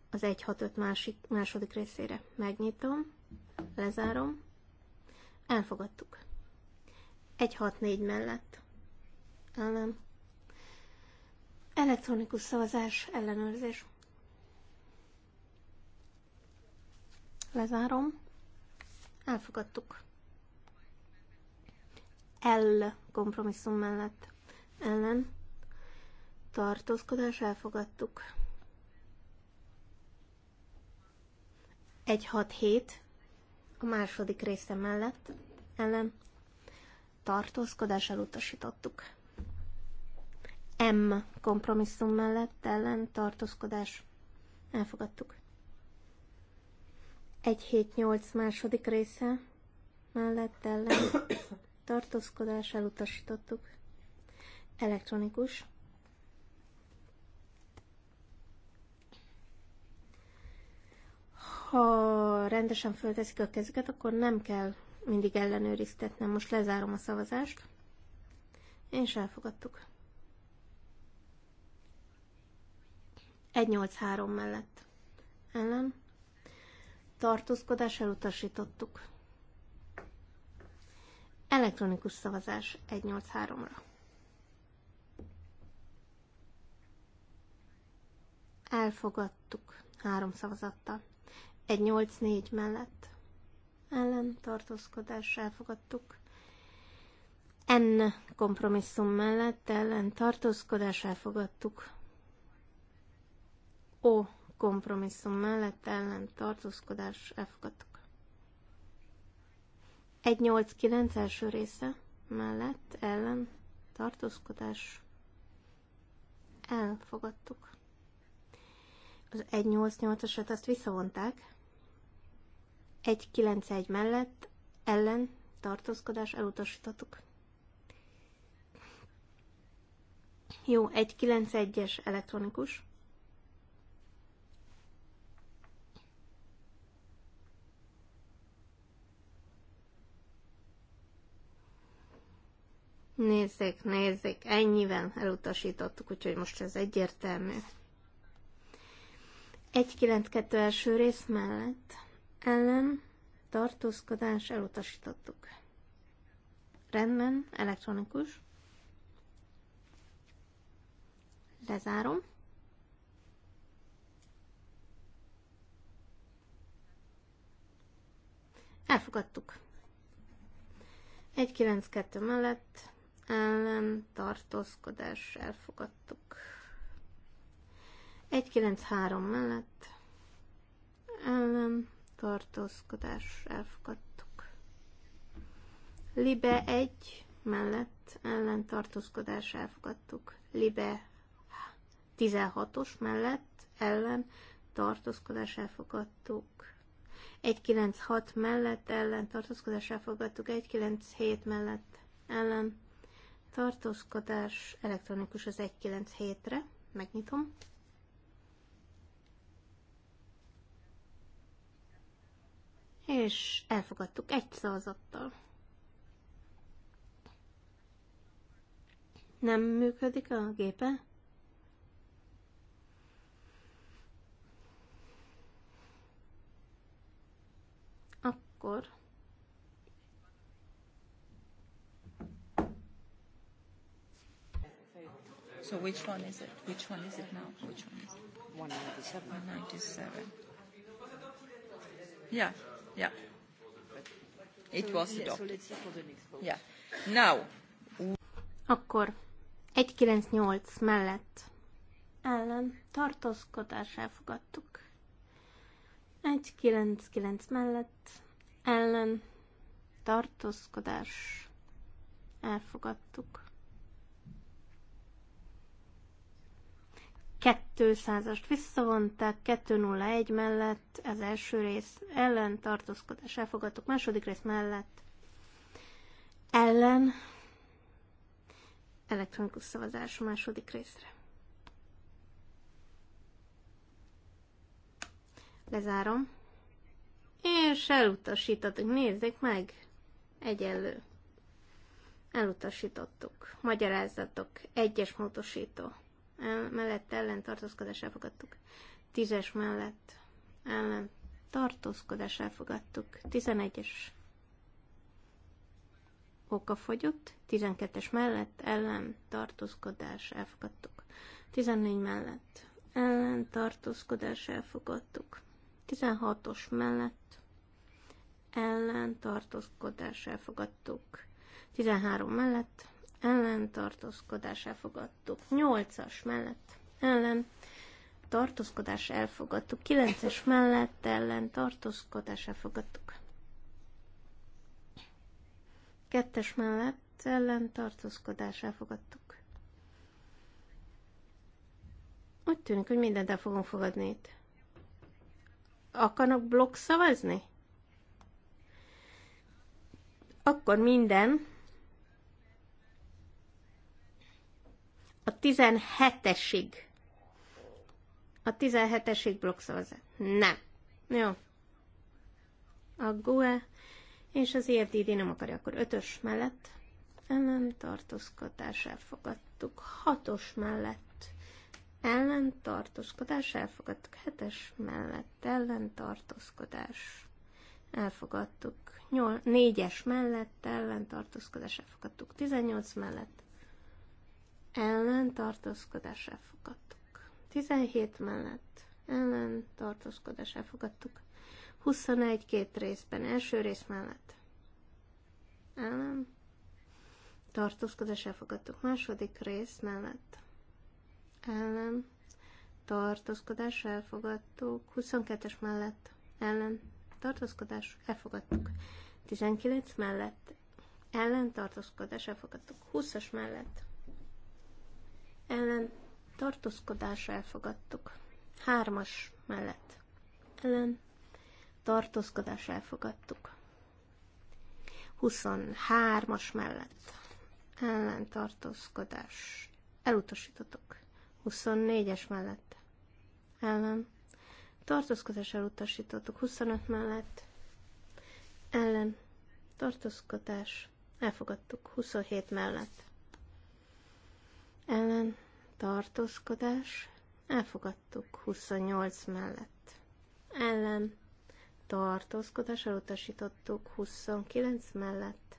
az 165 másik, második részére. Megnyitom, lezárom, elfogadtuk. 164 mellett. Ellen. Elektronikus szavazás, ellenőrzés. Lezárom. Elfogadtuk. L kompromisszum mellett ellen tartózkodás elfogadtuk. 167 a második része mellett ellen tartózkodás elutasítottuk. M kompromisszum mellett ellen tartózkodás elfogadtuk. 178 második része mellett ellen tartózkodás elutasítottuk. Elektronikus. Ha rendesen fölteszik a kezüket, akkor nem kell mindig ellenőriztetnem. Most lezárom a szavazást, én is elfogadtuk. 183 mellett ellen tartózkodás elutasítottuk. Elektronikus szavazás 183-ra. Elfogadtuk három szavazattal. 184 mellett ellen tartózkodás elfogadtuk. N kompromisszum mellett ellen tartózkodás elfogadtuk. O kompromisszum mellett ellen tartózkodás Egy 189 első része mellett ellen tartózkodás elfogadtuk. Az 188-asat azt visszavonták. 191 mellett ellen tartózkodás elutasítottuk. Jó, 191-es elektronikus. Nézzék, nézzék, ennyiben elutasítottuk, úgyhogy most ez egyértelmű. 192 első rész mellett ellen tartózkodás elutasítottuk. Rendben, elektronikus. Lezárom. Elfogadtuk. 192 mellett ellen tartózkodás elfogadtuk. 193 mellett ellen tartózkodás elfogadtuk. Libe 1 mellett ellen tartózkodás elfogadtuk. Libe 16-os mellett ellen tartózkodás elfogadtuk. 196 mellett ellen tartózkodás elfogadtuk. 197 mellett ellen Tartózkodás elektronikus az 197-re. Megnyitom. És elfogadtuk egy szavazattal. Nem működik a gépe? Akkor So which one is it? Which one is it now? Which one is it? 197. Yeah, yeah. It was adopted. Yeah. Now. Akkor 198 mellett ellen tartózkodás elfogadtuk. 199 mellett ellen tartózkodás elfogadtuk. 200-ast visszavonták, 201 mellett az első rész ellen tartózkodás elfogadtuk, második rész mellett ellen elektronikus szavazás a második részre. Lezárom. És elutasítottuk. Nézzék meg! Egyenlő. Elutasítottuk. Magyarázatok. Egyes módosító mellett ellen tartózkodás elfogadtuk. Tízes mellett ellen tartózkodás elfogadtuk. Tizenegyes oka fogyott, tizenkettes mellett ellen tartózkodás elfogadtuk. Tizennégy mellett ellen tartózkodás elfogadtuk. tizenhatos mellett ellen tartózkodás elfogadtuk. tizenhárom mellett ellen tartózkodás elfogadtuk. 8-as mellett ellen tartózkodás elfogadtuk. 9-es mellett ellen tartózkodás elfogadtuk. 2-es mellett ellen tartózkodás elfogadtuk. Úgy tűnik, hogy mindent el fogunk fogadni itt. Akarnak blokk szavazni? Akkor minden, a 17-esig. A 17-esig blokkszavazat. Nem. Jó. A GUE és az IFDD nem akarja, akkor 5-ös mellett ellen tartózkodás elfogadtuk. 6-os mellett ellen tartózkodás elfogadtuk. 7-es mellett ellen tartózkodás elfogadtuk. 4-es mellett ellen tartózkodás elfogadtuk. 18 mellett ellen tartózkodás elfogadtuk. 17 mellett ellen tartózkodás elfogadtuk. 21 két részben, első rész mellett ellen tartózkodás elfogadtuk. Második rész mellett ellen tartózkodás elfogadtuk. 22-es mellett ellen tartózkodás elfogadtuk. 19 mellett ellen tartózkodás elfogadtuk. 20-as mellett ellen tartózkodás elfogadtuk. Hármas mellett ellen tartózkodás elfogadtuk. 23-as mellett ellen tartózkodás elutasítottuk. 24-es mellett ellen tartózkodás elutasítottuk. 25 mellett ellen tartózkodás elfogadtuk. 27 mellett ellen tartózkodás, elfogadtuk 28 mellett. Ellen, tartózkodás, elutasítottuk 29 mellett.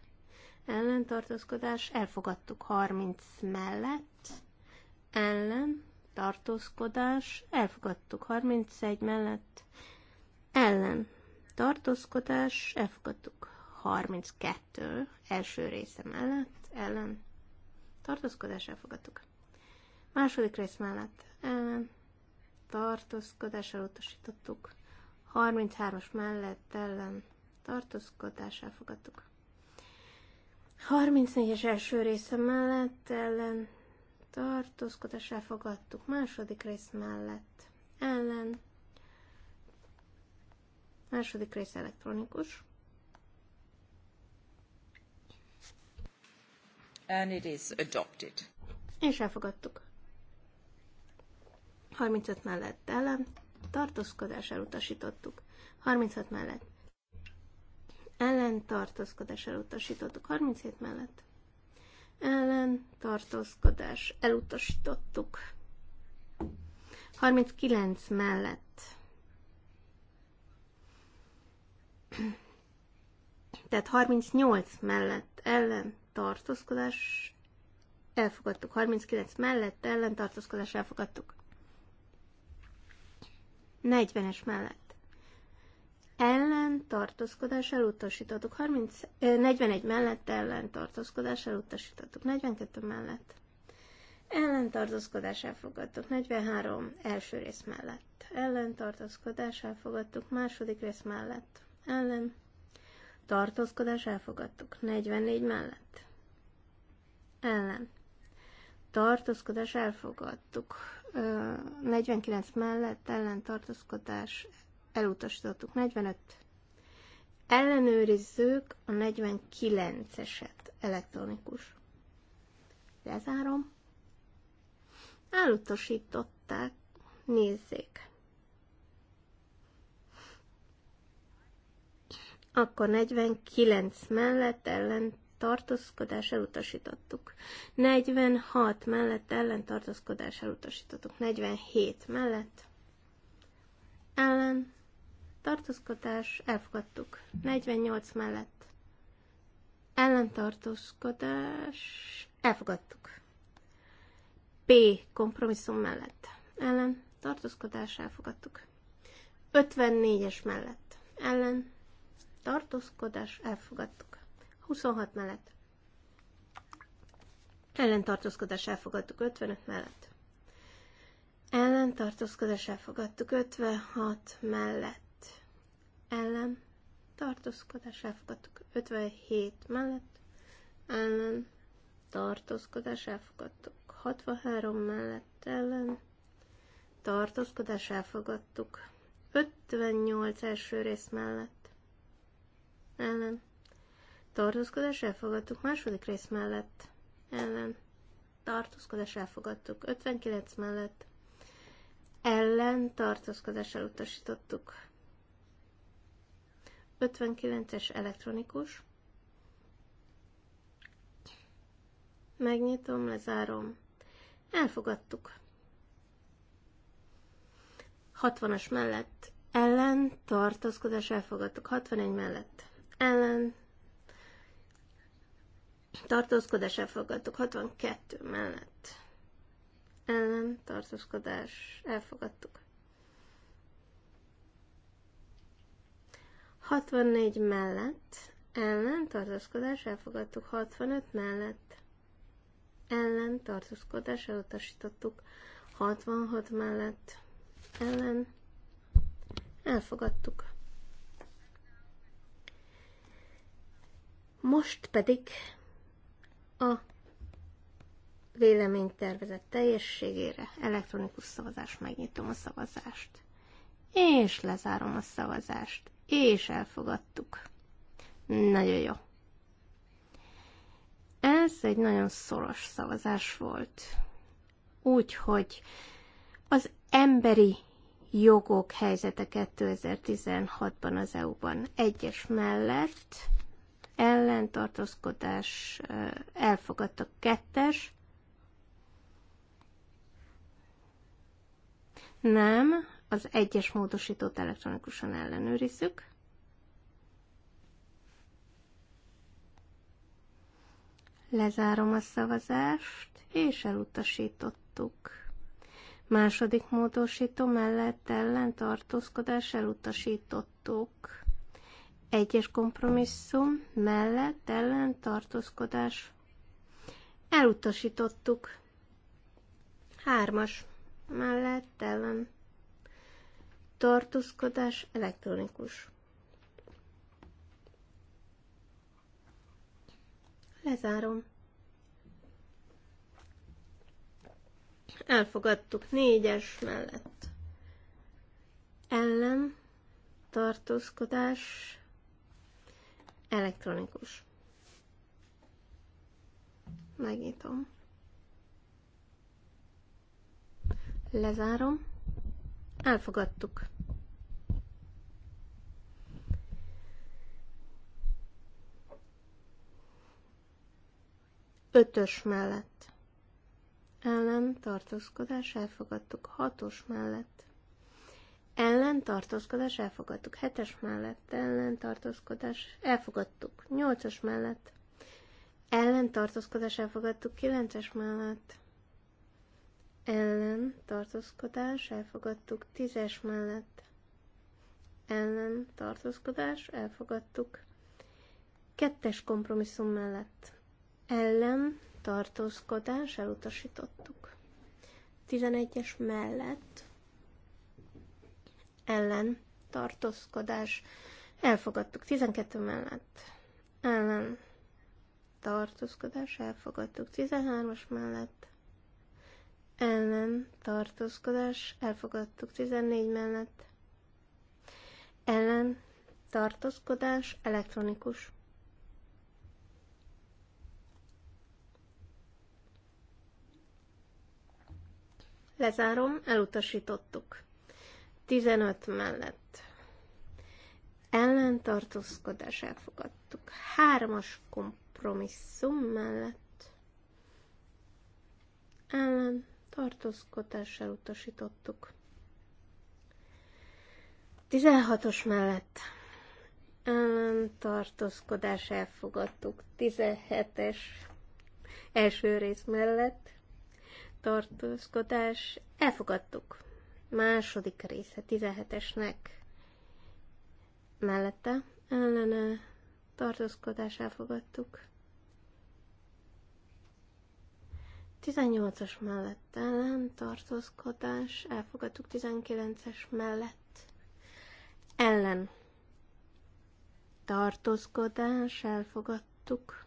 Ellen, tartózkodás, elfogadtuk 30 mellett. Ellen, tartózkodás, elfogadtuk 31 mellett. Ellen, tartózkodás, elfogadtuk 32 első része mellett. Ellen, tartózkodás, elfogadtuk Második rész mellett ellen tartózkodás elutasítottuk. 33-as mellett ellen tartózkodás elfogadtuk. 34-es első része mellett ellen tartózkodás elfogadtuk. Második rész mellett ellen Második rész elektronikus. And it is adopted. És elfogadtuk. 35 mellett ellen, tartózkodás elutasítottuk. 36 mellett ellen, tartózkodás elutasítottuk. 37 mellett ellen, tartózkodás elutasítottuk. 39 mellett tehát 38 mellett ellen tartózkodás elfogadtuk, 39 mellett ellen tartózkodás elfogadtuk. 40-es mellett. Ellen tartózkodás elutasítottuk. 30, 41 mellett ellen tartózkodás elutasítottuk. 42 mellett. Ellen tartózkodás elfogadtuk. 43 első rész mellett. Ellen tartózkodás elfogadtuk. Második rész mellett. Ellen tartózkodás elfogadtuk. 44 mellett. Ellen tartózkodás elfogadtuk. 49 mellett ellentartózkodás elutasítottuk. 45. Ellenőrizzük a 49-eset elektronikus. Lezárom. Elutasították. Nézzék. Akkor 49 mellett ellen tartózkodás elutasítottuk. 46 mellett ellen tartózkodás elutasítottuk. 47 mellett ellen tartózkodás elfogadtuk. 48 mellett ellen tartózkodás elfogadtuk. P kompromisszum mellett ellen tartózkodás elfogadtuk. 54-es mellett ellen tartózkodás elfogadtuk. 26 mellett. Ellentartózkodás elfogadtuk 55 mellett. Ellentartózkodás elfogadtuk 56 mellett. Ellen elfogadtuk 57 mellett. Ellen tartózkodás elfogadtuk 63 mellett. Ellen tartózkodás elfogadtuk 58 első rész mellett. Ellen tartózkodás elfogadtuk. Második rész mellett ellen tartózkodás elfogadtuk. 59 mellett ellen tartózkodás elutasítottuk. 59-es elektronikus. Megnyitom, lezárom. Elfogadtuk. 60-as mellett ellen tartózkodás elfogadtuk. 61 mellett ellen tartózkodás elfogadtuk 62 mellett. Ellen tartózkodás elfogadtuk. 64 mellett, ellen tartózkodás elfogadtuk 65 mellett. Ellen tartózkodás elutasítottuk 66 mellett. Ellen elfogadtuk. Most pedig a véleménytervezet teljességére elektronikus szavazást megnyitom a szavazást. És lezárom a szavazást. És elfogadtuk. Nagyon jó. Ez egy nagyon szoros szavazás volt. Úgyhogy az emberi jogok helyzete 2016-ban az EU-ban egyes mellett tartózkodás elfogadta kettes, nem, az egyes módosítót elektronikusan ellenőrizzük. Lezárom a szavazást, és elutasítottuk. Második módosító mellett tartózkodás elutasítottuk. Egyes kompromisszum mellett ellen tartózkodás. Elutasítottuk. Hármas mellett ellen tartózkodás elektronikus. Lezárom. Elfogadtuk négyes mellett. Ellen tartózkodás Elektronikus. Megnyitom. Lezárom. Elfogadtuk. Ötös mellett. Ellen tartózkodás elfogadtuk. Hatos mellett ellen tartózkodás elfogadtuk. Hetes mellett ellen tartózkodás elfogadtuk. Nyolcas mellett ellen tartózkodás elfogadtuk. Kilences mellett ellen tartózkodás elfogadtuk. Tízes mellett ellen tartózkodás elfogadtuk. Kettes kompromisszum mellett ellen tartózkodás elutasítottuk. 11-es mellett ellen tartózkodás elfogadtuk 12 mellett ellen tartózkodás elfogadtuk 13-as mellett ellen tartózkodás elfogadtuk 14 mellett ellen tartózkodás elektronikus Lezárom, elutasítottuk. 15 mellett. Ellentartózkodás elfogadtuk. Hármas kompromisszum mellett. Ellen elutasítottuk. 16-os mellett. Ellen elfogadtuk. 17-es első rész mellett. Tartózkodás elfogadtuk Második része 17-esnek mellette ellene tartózkodás elfogadtuk. 18-as mellett ellen tartózkodás, elfogadtuk 19-es mellett ellen tartózkodás, elfogadtuk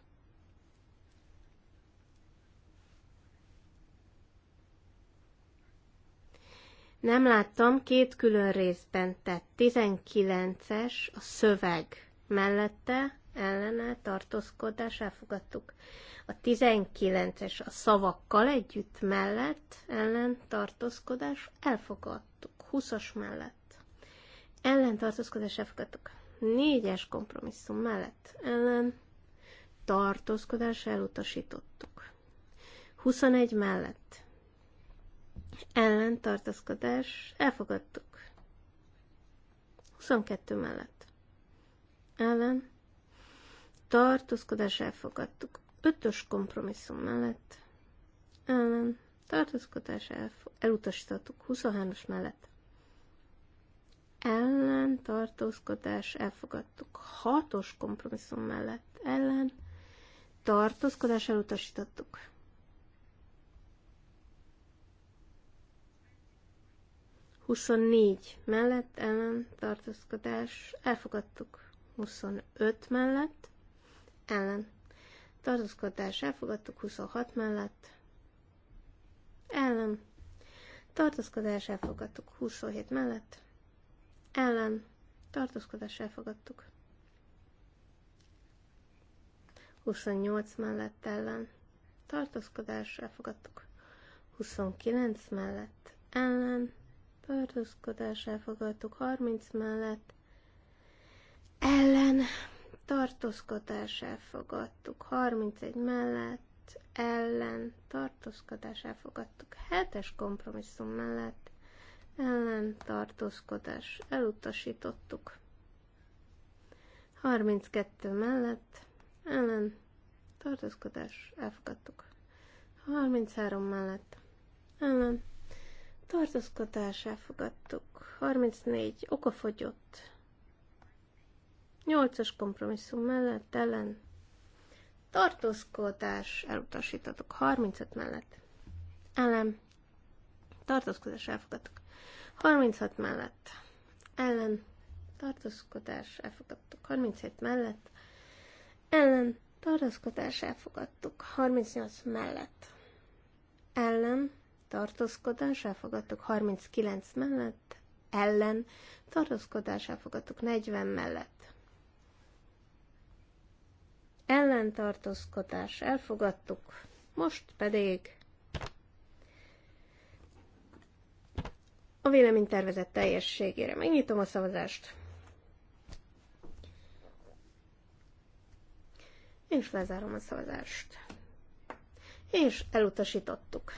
Nem láttam, két külön részben, tehát 19-es a szöveg mellette, ellene, tartózkodás, elfogadtuk. A 19-es a szavakkal együtt mellett, ellen, tartózkodás, elfogadtuk. 20-as mellett, ellen, tartózkodás, elfogadtuk. 4-es kompromisszum mellett, ellen, tartózkodás, elutasítottuk. 21 mellett, ellen tartaszkodás elfogadtuk. 22 mellett ellen tartózkodás elfogadtuk. 5-ös kompromisszum mellett ellen tartózkodás elutasítottuk. 23-as mellett ellen tartózkodás elfogadtuk. 6-os kompromisszum mellett ellen tartózkodás elutasítottuk. 24 mellett ellen tartózkodás elfogadtuk. 25 mellett ellen tartózkodás elfogadtuk. 26 mellett ellen tartózkodás elfogadtuk. 27 mellett ellen tartózkodás elfogadtuk. 28 mellett ellen tartózkodás elfogadtuk. 29 mellett ellen tartózkodás elfogadtuk 30 mellett, ellen tartózkodás elfogadtuk 31 mellett, ellen tartózkodás elfogadtuk 7-es kompromisszum mellett, ellen tartózkodás elutasítottuk 32 mellett, ellen tartózkodás elfogadtuk 33 mellett, ellen tartózkodását fogadtuk. 34. Oka fogyott. 8-as kompromisszum mellett ellen. Tartózkodás elutasítottuk. 35 mellett. Ellen. Tartózkodás elfogadtuk. 36 mellett. Ellen. Tartózkodás elfogadtuk. 37 mellett. Ellen. Tartózkodás elfogadtuk. 38 mellett. Ellen tartózkodás, elfogadtuk 39 mellett, ellen, tartózkodás, elfogadtuk 40 mellett. tartózkodás, elfogadtuk. Most pedig a véleménytervezet teljességére. Megnyitom a szavazást. És lezárom a szavazást. És elutasítottuk.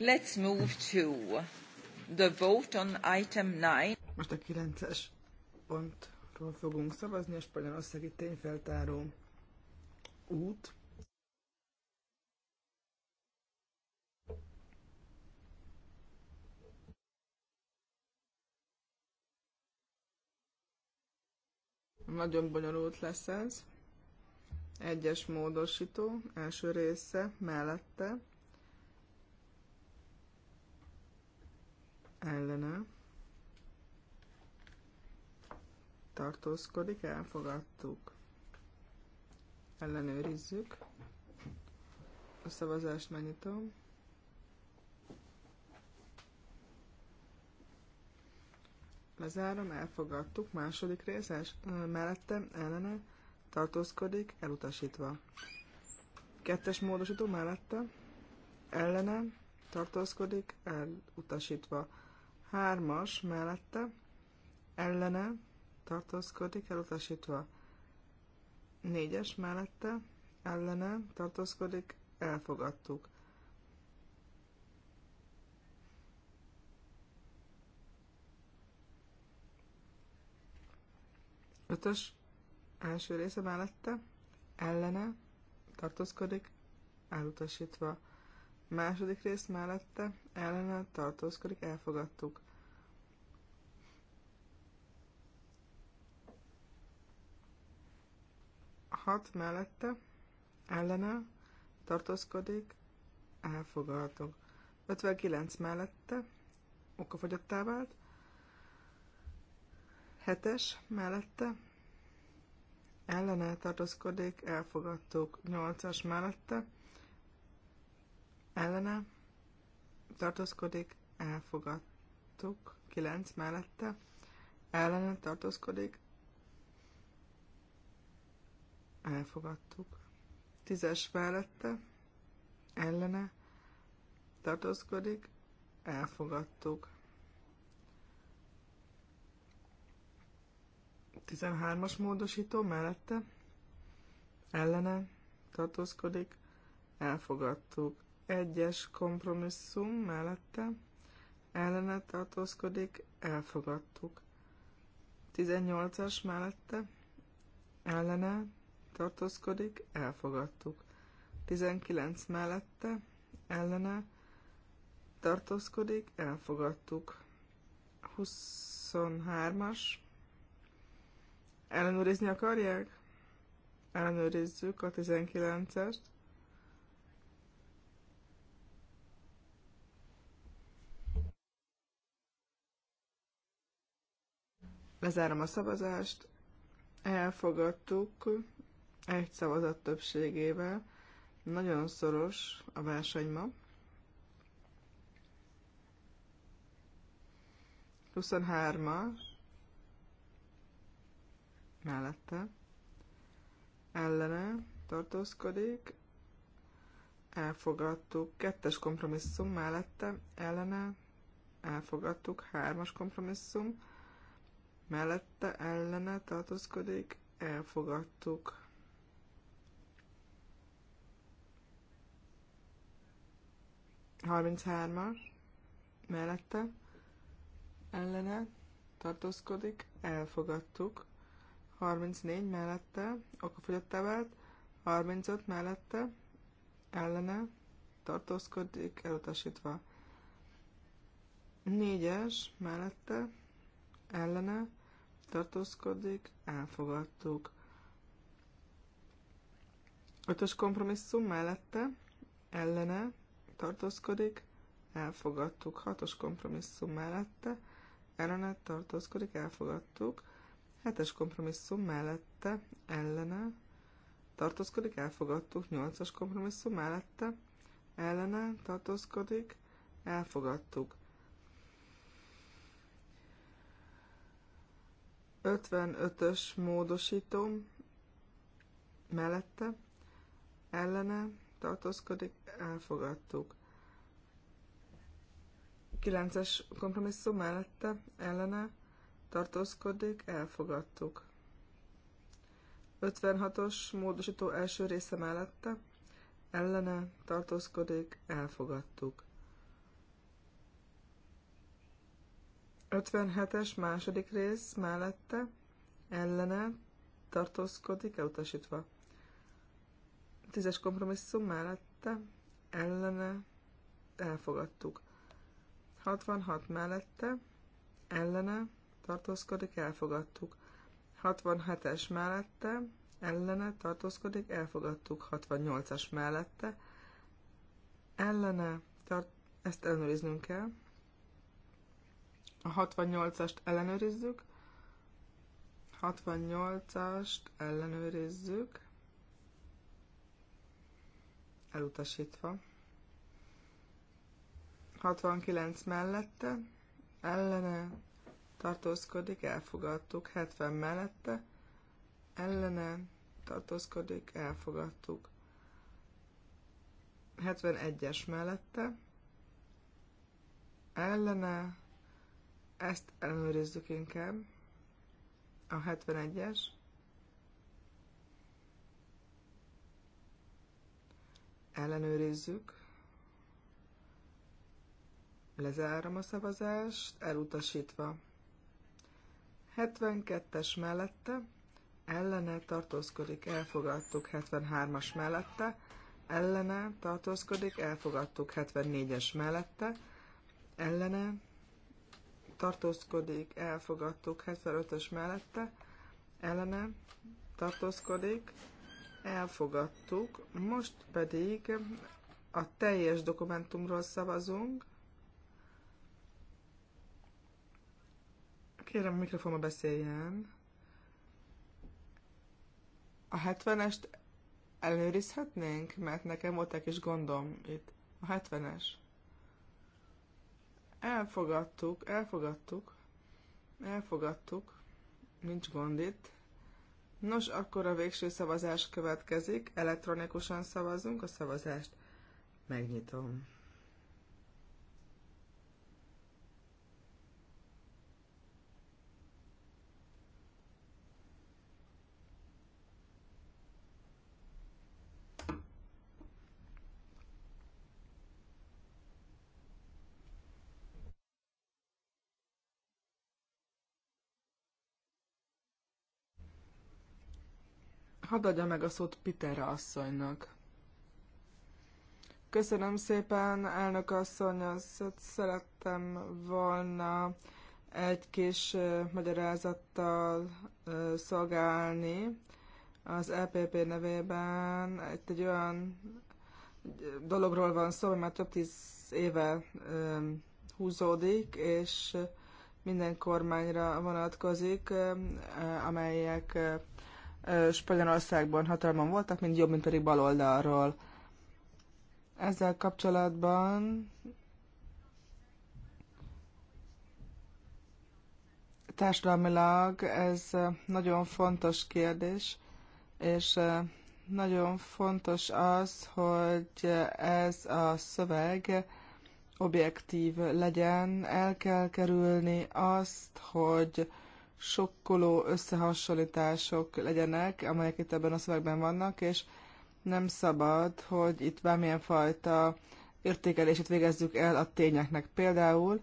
Let's move to the vote on item 9. Most a 9-es pontról fogunk szavazni, a spanyolországi tényfeltáró út. Nagyon bonyolult lesz ez. Egyes módosító, első része, mellette, ellene tartózkodik, elfogadtuk. Ellenőrizzük. A szavazást megnyitom. Lezárom, elfogadtuk. Második részes mellettem ellene tartózkodik, elutasítva. Kettes módosító mellette ellene tartózkodik, elutasítva Hármas mellette ellene tartózkodik, elutasítva. Négyes mellette ellene tartózkodik, elfogadtuk. Ötös első része mellette ellene tartózkodik, elutasítva. Második rész mellette ellene tartózkodik, elfogadtuk. Hat mellette ellene tartózkodik, elfogadtuk. 59 mellette okafogyottá vált. 7-es mellette ellene tartózkodik, elfogadtuk. 8-as mellette ellene tartózkodik, elfogadtuk, kilenc mellette, ellene tartózkodik, elfogadtuk, tízes mellette, ellene tartózkodik, elfogadtuk. 13-as módosító mellette, ellene tartózkodik, elfogadtuk. Egyes kompromisszum mellette ellene tartózkodik, elfogadtuk. 18-as mellette ellene tartózkodik, elfogadtuk. 19 mellette ellene tartózkodik, elfogadtuk. 23-as ellenőrizni akarják? Ellenőrizzük a 19-est. Lezárom a szavazást. Elfogadtuk egy szavazat többségével. Nagyon szoros a verseny ma. 23-as mellette ellene tartózkodik, elfogadtuk, kettes kompromisszum mellette ellene elfogadtuk, hármas kompromisszum mellette ellene tartózkodik, elfogadtuk. Harminchármas mellette ellene tartózkodik, elfogadtuk. 34 mellette okafogyottá vált, 35 mellette ellene tartózkodik, elutasítva. 4-es mellette ellene tartózkodik, elfogadtuk. Ötös kompromisszum mellette, ellene, tartózkodik, elfogadtuk. Hatos kompromisszum mellette, ellene, tartózkodik, elfogadtuk. Hetes kompromisszum mellette, ellene, tartózkodik, elfogadtuk. Nyolcas kompromisszum mellette, ellene, tartózkodik, elfogadtuk. 55-ös módosító mellette ellene tartózkodik, elfogadtuk. 9-es kompromisszum mellette ellene tartózkodik, elfogadtuk. 56-os módosító első része mellette ellene tartózkodik, elfogadtuk. 57-es második rész mellette ellene tartózkodik elutasítva. 10-es kompromisszum mellette ellene elfogadtuk. 66 mellette ellene tartózkodik elfogadtuk. 67-es mellette ellene tartózkodik elfogadtuk. 68-as mellette ellene tart... ezt ellenőriznünk kell. A 68-ast ellenőrizzük. 68-ast ellenőrizzük. Elutasítva. 69 mellette, ellene tartózkodik, elfogadtuk. 70 mellette, ellene tartózkodik, elfogadtuk. 71-es mellette, ellene ezt ellenőrizzük inkább. A 71-es. Ellenőrizzük. Lezárom a szavazást, elutasítva. 72-es mellette, ellene tartózkodik, elfogadtuk 73-as mellette, ellene tartózkodik, elfogadtuk 74-es mellette, ellene tartózkodik, elfogadtuk 75-ös mellette, ellene tartózkodik, elfogadtuk, most pedig a teljes dokumentumról szavazunk. Kérem, a mikrofonba beszéljen. A 70-est ellenőrizhetnénk, mert nekem volt egy kis gondom itt. A 70-es. Elfogadtuk, elfogadtuk, elfogadtuk, nincs gond itt. Nos, akkor a végső szavazás következik, elektronikusan szavazunk, a szavazást megnyitom. Hadd adja meg a szót Pitera asszonynak. Köszönöm szépen, elnök asszony, azt szerettem volna egy kis magyarázattal szolgálni az EPP nevében. Itt egy olyan dologról van szó, mert több tíz éve húzódik, és minden kormányra vonatkozik, amelyek Spanyolországban hatalmon voltak, mint jobb, mint pedig baloldalról. Ezzel kapcsolatban társadalmilag ez nagyon fontos kérdés, és nagyon fontos az, hogy ez a szöveg objektív legyen. El kell kerülni azt, hogy sokkoló összehasonlítások legyenek, amelyek itt ebben a szövegben vannak, és nem szabad, hogy itt bármilyen fajta értékelését végezzük el a tényeknek. Például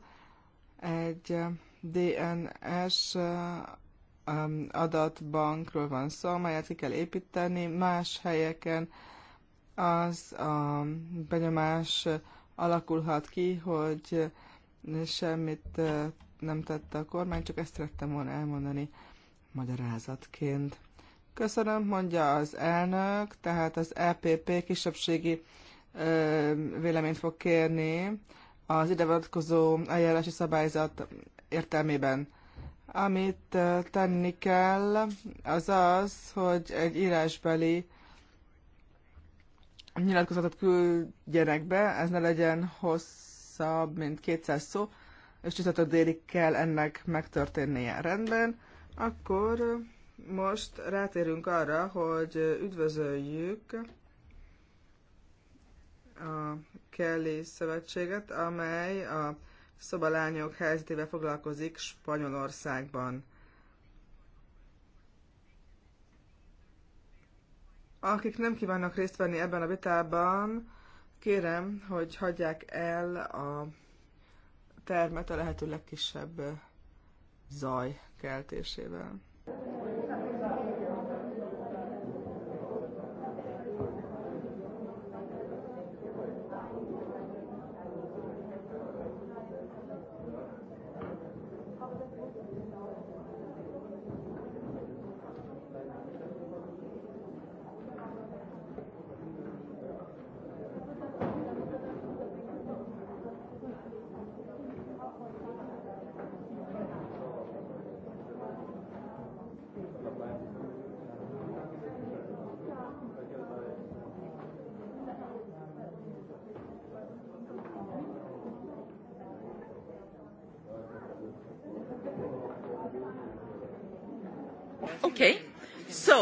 egy DNS um, adatbankról van szó, amelyet ki kell építeni más helyeken, az a benyomás alakulhat ki, hogy semmit uh, nem tette a kormány, csak ezt szerettem volna elmondani magyarázatként. Köszönöm, mondja az elnök, tehát az EPP kisebbségi ö, véleményt fog kérni az ide vonatkozó eljárási szabályzat értelmében. Amit tenni kell, az az, hogy egy írásbeli nyilatkozatot küldjenek be, ez ne legyen hosszabb, mint 200 szó, és csütörtök délig kell ennek megtörténnie rendben, akkor most rátérünk arra, hogy üdvözöljük a Kelly Szövetséget, amely a szobalányok helyzetével foglalkozik Spanyolországban. Akik nem kívánnak részt venni ebben a vitában, kérem, hogy hagyják el a termet a lehető legkisebb eh, zaj keltésével.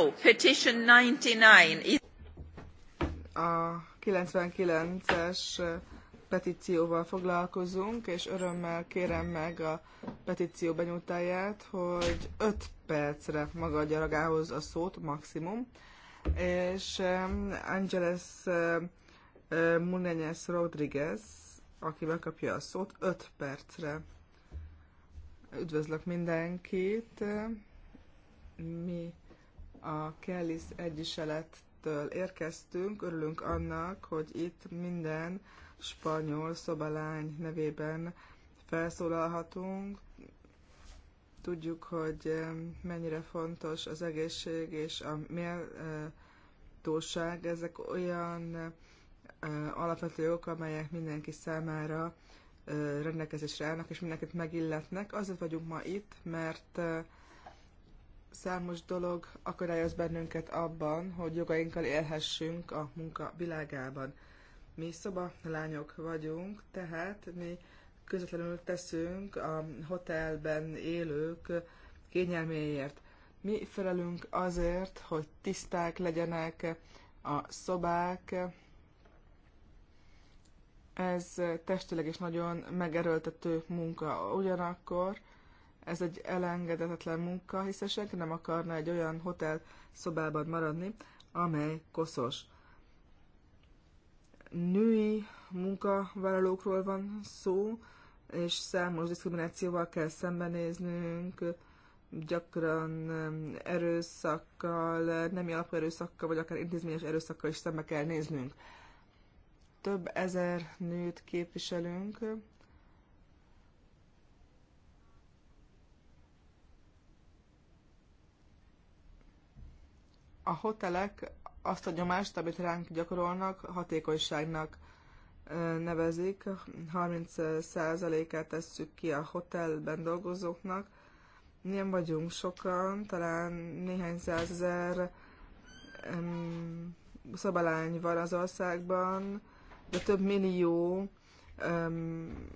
A 99-es petícióval foglalkozunk, és örömmel kérem meg a petíció benyújtáját, hogy 5 percre maga a gyaragához a szót maximum, és Angeles Munenyes Rodriguez, aki megkapja a szót, 5 percre. Üdvözlök mindenkit! Mi a Kellis egyiselettől érkeztünk. Örülünk annak, hogy itt minden spanyol szobalány nevében felszólalhatunk. Tudjuk, hogy mennyire fontos az egészség és a méltóság. Ezek olyan alapvető jogok, amelyek mindenki számára rendelkezésre állnak, és mindenkit megilletnek. Azért vagyunk ma itt, mert számos dolog akadályoz bennünket abban, hogy jogainkkal élhessünk a munka világában. Mi szobalányok vagyunk, tehát mi közvetlenül teszünk a hotelben élők kényelméért. Mi felelünk azért, hogy tiszták legyenek a szobák. Ez testileg is nagyon megerőltető munka. Ugyanakkor ez egy elengedhetetlen munka, hiszen senki nem akarna egy olyan hotel szobában maradni, amely koszos. Női munkavállalókról van szó, és számos diszkriminációval kell szembenéznünk, gyakran erőszakkal, nemi alapú erőszakkal, vagy akár intézményes erőszakkal is szembe kell néznünk. Több ezer nőt képviselünk, a hotelek azt a nyomást, amit ránk gyakorolnak, hatékonyságnak nevezik. 30%-át tesszük ki a hotelben dolgozóknak. Milyen vagyunk sokan, talán néhány százezer um, szabalány van az országban, de több millió um,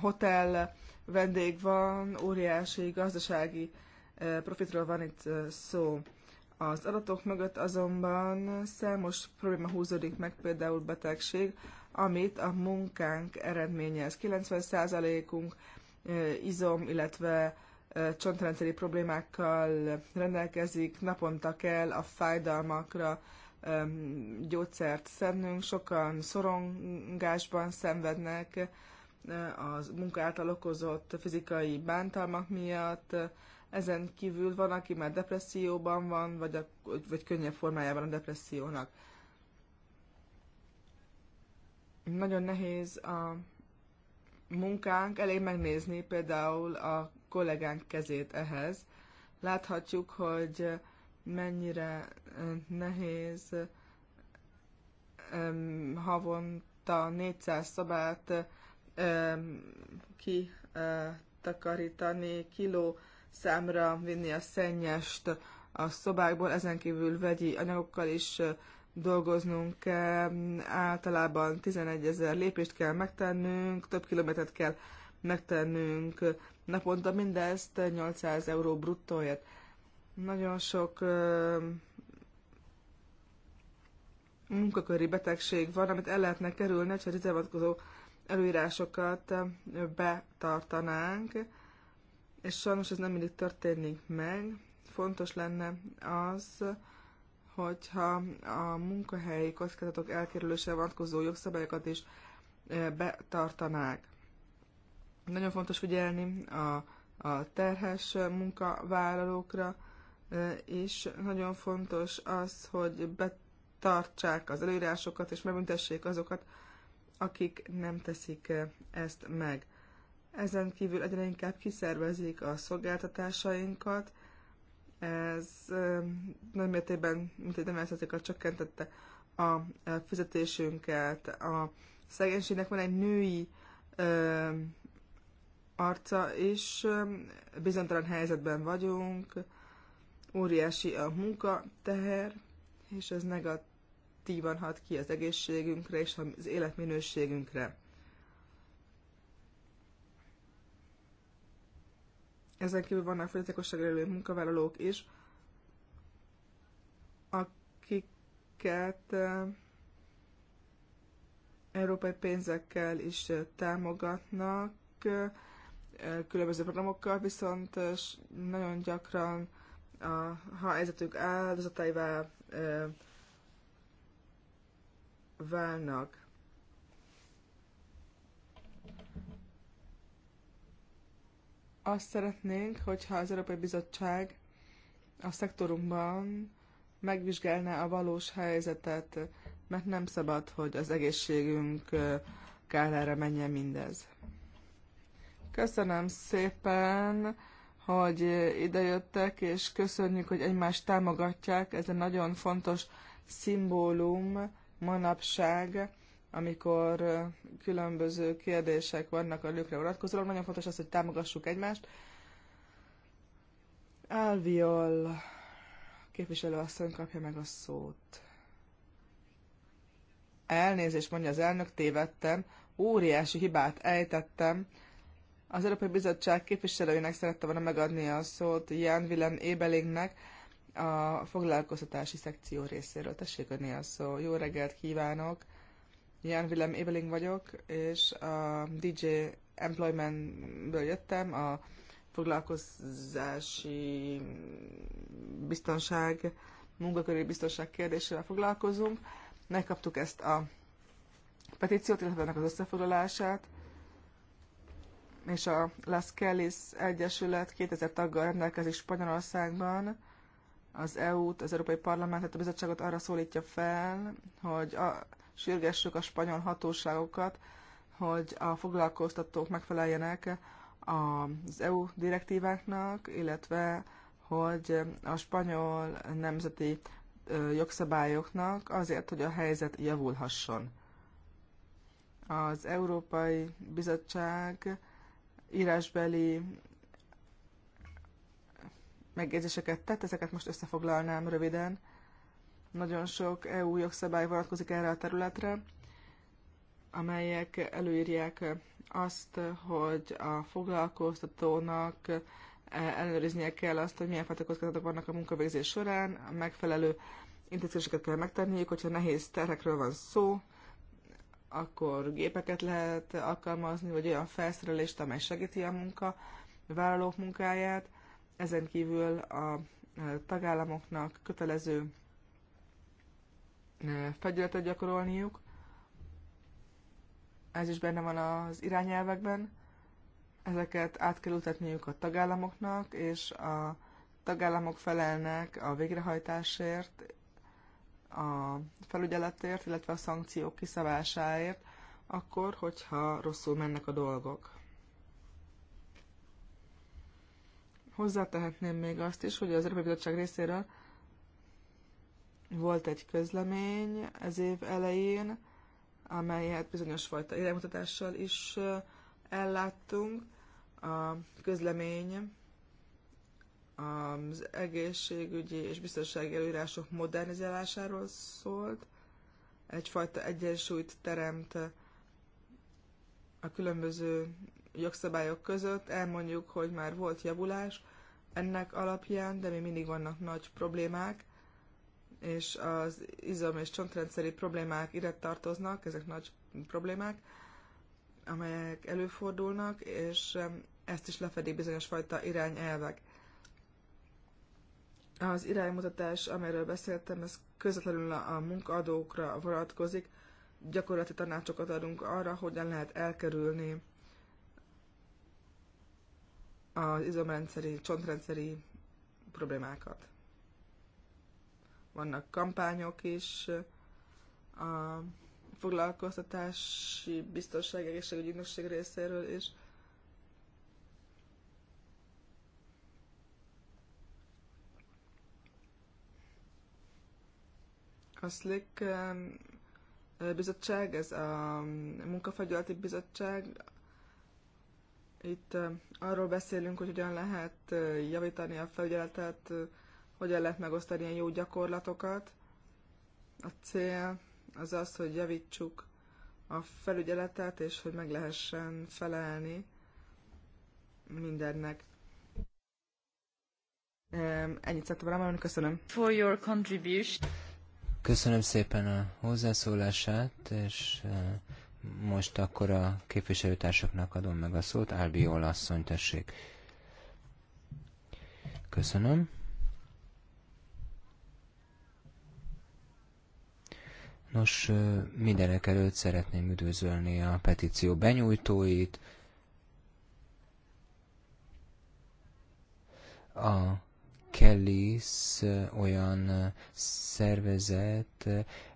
hotel vendég van, óriási gazdasági profitról van itt szó. Az adatok mögött azonban számos probléma húzódik meg, például betegség, amit a munkánk eredményez. 90%-unk izom, illetve csontrendszeri problémákkal rendelkezik, naponta kell a fájdalmakra gyógyszert szednünk, sokan szorongásban szenvednek az munka által okozott fizikai bántalmak miatt, ezen kívül van, aki már depresszióban van, vagy, a, vagy könnyebb formájában a depressziónak. Nagyon nehéz a munkánk, elég megnézni például a kollégánk kezét ehhez. Láthatjuk, hogy mennyire nehéz havonta 400 szabát ki takarítani, kiló számra vinni a szennyest a szobákból, ezen kívül vegyi anyagokkal is dolgoznunk kell, általában 11 ezer lépést kell megtennünk, több kilométert kell megtennünk naponta, mindezt 800 euró bruttóért. Nagyon sok munkaköri betegség van, amit el lehetne kerülni, ha az előírásokat betartanánk és sajnos ez nem mindig történik meg. Fontos lenne az, hogyha a munkahelyi kockázatok elkerülése vonatkozó jogszabályokat is betartanák. Nagyon fontos figyelni a, a terhes munkavállalókra, és nagyon fontos az, hogy betartsák az előírásokat, és megbüntessék azokat, akik nem teszik ezt meg. Ezen kívül egyre inkább kiszervezik a szolgáltatásainkat, ez nagy mértékben, mint egy a csökkentette a fizetésünket. A szegénységnek van egy női ö, arca is, bizonytalan helyzetben vagyunk, óriási a munkateher, és ez negatívan hat ki az egészségünkre és az életminőségünkre. Ezen kívül vannak fogyatékossággal élő munkavállalók is, akiket eh, európai pénzekkel is eh, támogatnak, eh, különböző programokkal, viszont nagyon gyakran a helyzetük áldozataivá válnak. Azt szeretnénk, hogyha az Európai Bizottság a szektorunkban megvizsgálná a valós helyzetet, mert nem szabad, hogy az egészségünk kárára menjen mindez. Köszönöm szépen, hogy idejöttek, és köszönjük, hogy egymást támogatják. Ez egy nagyon fontos szimbólum manapság amikor különböző kérdések vannak a nőkre vonatkozólag. Nagyon fontos az, hogy támogassuk egymást. képviselő képviselőasszony kapja meg a szót. Elnézést mondja az elnök, tévedtem. Óriási hibát ejtettem. Az Európai Bizottság képviselőjének szerette volna megadni a szót Jan Willen Ébelingnek a foglalkoztatási szekció részéről. Tessék adni a szó. Jó reggelt kívánok! Jan Willem Ebeling vagyok, és a DJ Employmentből jöttem, a foglalkozási biztonság, munkaköri biztonság kérdésével foglalkozunk. Megkaptuk ezt a petíciót, illetve ennek az összefoglalását, és a Las Kellys Egyesület 2000 taggal rendelkezik Spanyolországban, az EU-t, az Európai Parlamentet, a bizottságot arra szólítja fel, hogy a, sürgessük a spanyol hatóságokat, hogy a foglalkoztatók megfeleljenek az EU direktíváknak, illetve hogy a spanyol nemzeti jogszabályoknak azért, hogy a helyzet javulhasson. Az Európai Bizottság írásbeli megjegyzéseket tett, ezeket most összefoglalnám röviden. Nagyon sok EU jogszabály vonatkozik erre a területre, amelyek előírják azt, hogy a foglalkoztatónak ellenőriznie kell azt, hogy milyen fajta vannak a munkavégzés során, a megfelelő intézkedéseket kell megtenniük, hogyha nehéz terhekről van szó, akkor gépeket lehet alkalmazni, vagy olyan felszerelést, amely segíti a munka, a vállalók munkáját. Ezen kívül a tagállamoknak kötelező fegyületet gyakorolniuk. Ez is benne van az irányelvekben. Ezeket át kell utatniuk a tagállamoknak, és a tagállamok felelnek a végrehajtásért, a felügyeletért, illetve a szankciók kiszabásáért, akkor, hogyha rosszul mennek a dolgok. Hozzátehetném még azt is, hogy az Európai Bizottság részéről volt egy közlemény ez év elején, amelyet bizonyos fajta iránymutatással is elláttunk. A közlemény az egészségügyi és biztonsági előírások modernizálásáról szólt, egyfajta egyensúlyt teremt a különböző jogszabályok között. Elmondjuk, hogy már volt javulás ennek alapján, de még mindig vannak nagy problémák és az izom- és csontrendszeri problémák ide tartoznak, ezek nagy problémák, amelyek előfordulnak, és ezt is lefedik bizonyos fajta irányelvek. Az iránymutatás, amiről beszéltem, ez közvetlenül a munkaadókra vonatkozik. Gyakorlati tanácsokat adunk arra, hogyan lehet elkerülni az izomrendszeri, csontrendszeri problémákat vannak kampányok is, a foglalkoztatási biztonság egészségügyi ügynökség részéről is. A SLIC um, bizottság, ez a munkafagyolati bizottság, itt um, arról beszélünk, hogy hogyan lehet uh, javítani a felügyeletet, hogyan lehet megosztani ilyen jó gyakorlatokat. A cél az az, hogy javítsuk a felügyeletet, és hogy meg lehessen felelni mindennek. Ennyit szerettem elmondani, köszönöm. For your contribution. Köszönöm szépen a hozzászólását, és most akkor a képviselőtársaknak adom meg a szót. Albi asszony, tessék. Köszönöm. Nos, mindenek előtt szeretném üdvözölni a petíció benyújtóit, a Kellis olyan szervezet,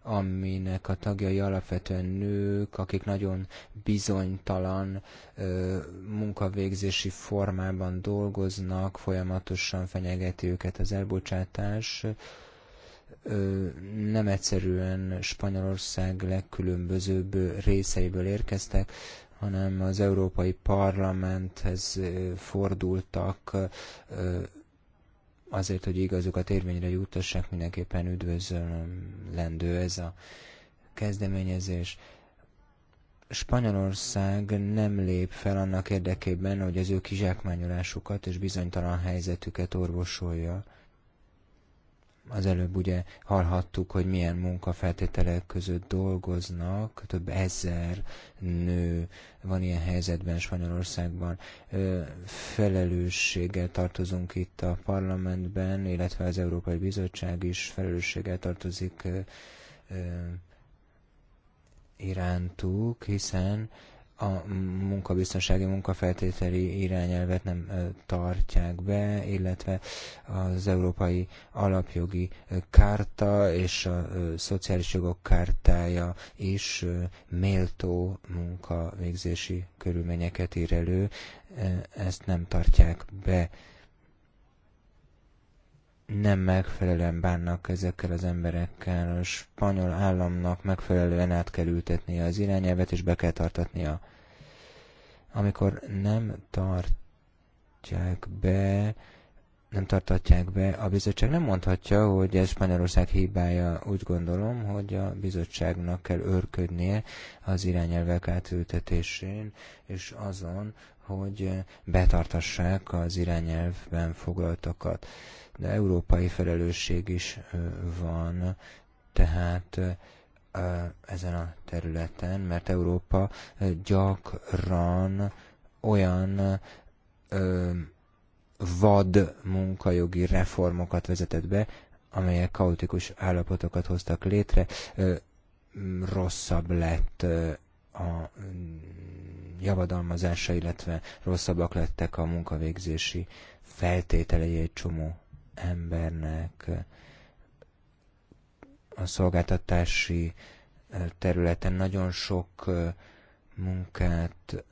aminek a tagjai alapvetően nők, akik nagyon bizonytalan ö, munkavégzési formában dolgoznak, folyamatosan fenyegeti őket az elbocsátás. Ö, nem egyszerűen Spanyolország legkülönbözőbb részeiből érkeztek, hanem az Európai Parlamenthez fordultak azért, hogy igazukat érvényre juttassák, mindenképpen üdvözlendő ez a kezdeményezés. Spanyolország nem lép fel annak érdekében, hogy az ő kizsákmányolásukat és bizonytalan helyzetüket orvosolja. Az előbb ugye hallhattuk, hogy milyen munkafeltételek között dolgoznak, több ezer nő van ilyen helyzetben Spanyolországban. Felelősséggel tartozunk itt a parlamentben, illetve az Európai Bizottság is felelősséggel tartozik irántuk, hiszen a munkabiztonsági munkafeltételi irányelvet nem tartják be, illetve az Európai Alapjogi Kárta és a Szociális Jogok Kártája is méltó munkavégzési körülményeket ír elő, ezt nem tartják be nem megfelelően bánnak ezekkel az emberekkel. A spanyol államnak megfelelően át kell ültetnie az irányelvet, és be kell tartatnia amikor nem tartják be nem tartatják be, a bizottság nem mondhatja, hogy ez Spanyolország hibája. Úgy gondolom, hogy a bizottságnak kell örködnie az irányelvek átültetésén, és azon, hogy betartassák az irányelvben foglaltakat. De európai felelősség is van, tehát ezen a területen, mert Európa gyakran olyan vad munkajogi reformokat vezetett be, amelyek kaotikus állapotokat hoztak létre, rosszabb lett a mm, javadalmazása, illetve rosszabbak lettek a munkavégzési feltételei egy csomó embernek a szolgáltatási területen nagyon sok munkát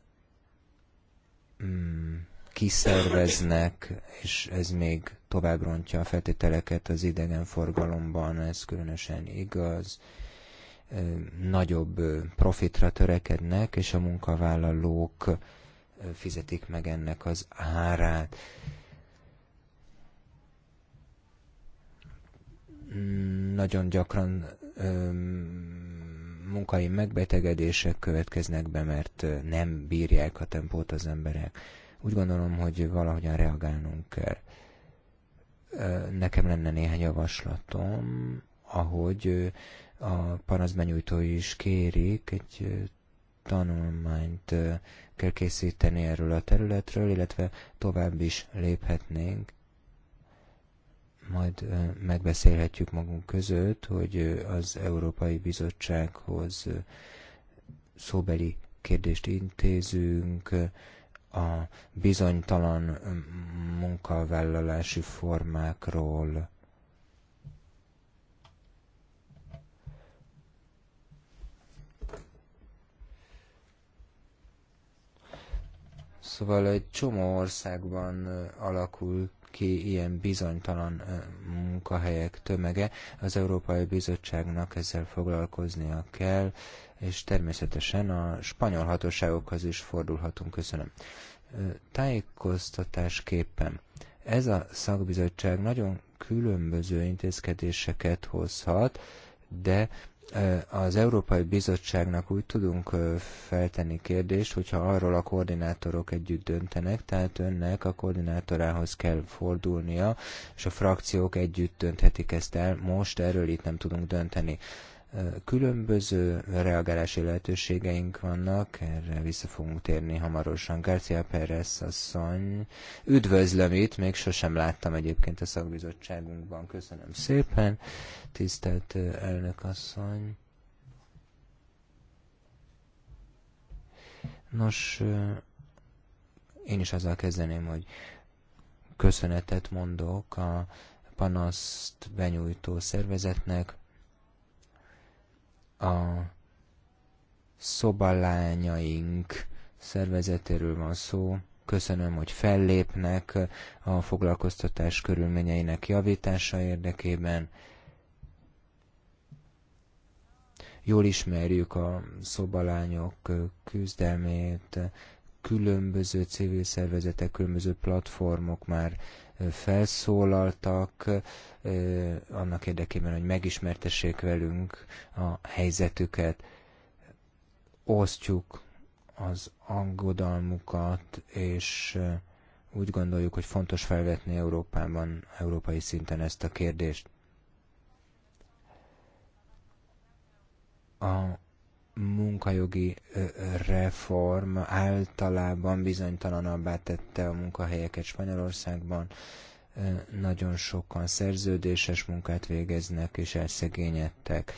mm, kiszerveznek, és ez még tovább rontja a feltételeket az idegenforgalomban, ez különösen igaz, nagyobb profitra törekednek, és a munkavállalók fizetik meg ennek az árát. nagyon gyakran munkai megbetegedések következnek be, mert nem bírják a tempót az emberek. Úgy gondolom, hogy valahogyan reagálnunk kell. Nekem lenne néhány javaslatom, ahogy a panaszbenyújtó is kérik, egy tanulmányt kell készíteni erről a területről, illetve tovább is léphetnénk majd megbeszélhetjük magunk között, hogy az Európai Bizottsághoz szóbeli kérdést intézünk, a bizonytalan munkavállalási formákról, Szóval egy csomó országban alakult ki ilyen bizonytalan munkahelyek tömege. Az Európai Bizottságnak ezzel foglalkoznia kell, és természetesen a spanyol hatóságokhoz is fordulhatunk. Köszönöm. Tájékoztatásképpen ez a szakbizottság nagyon különböző intézkedéseket hozhat, de az Európai Bizottságnak úgy tudunk feltenni kérdést, hogyha arról a koordinátorok együtt döntenek, tehát önnek a koordinátorához kell fordulnia, és a frakciók együtt dönthetik ezt el. Most erről itt nem tudunk dönteni. Különböző reagálási lehetőségeink vannak, erre vissza fogunk térni hamarosan. Garcia Perez asszony, üdvözlöm itt, még sosem láttam egyébként a szakbizottságunkban. Köszönöm szépen, tisztelt elnök asszony. Nos, én is azzal kezdeném, hogy köszönetet mondok a panaszt benyújtó szervezetnek, a szobalányaink szervezetéről van szó. Köszönöm, hogy fellépnek a foglalkoztatás körülményeinek javítása érdekében. Jól ismerjük a szobalányok küzdelmét, különböző civil szervezetek, különböző platformok már felszólaltak annak érdekében, hogy megismertessék velünk a helyzetüket. Osztjuk az aggodalmukat, és úgy gondoljuk, hogy fontos felvetni Európában, európai szinten ezt a kérdést. A munkajogi reform általában bizonytalanabbá tette a munkahelyeket Spanyolországban. Nagyon sokan szerződéses munkát végeznek és elszegényedtek.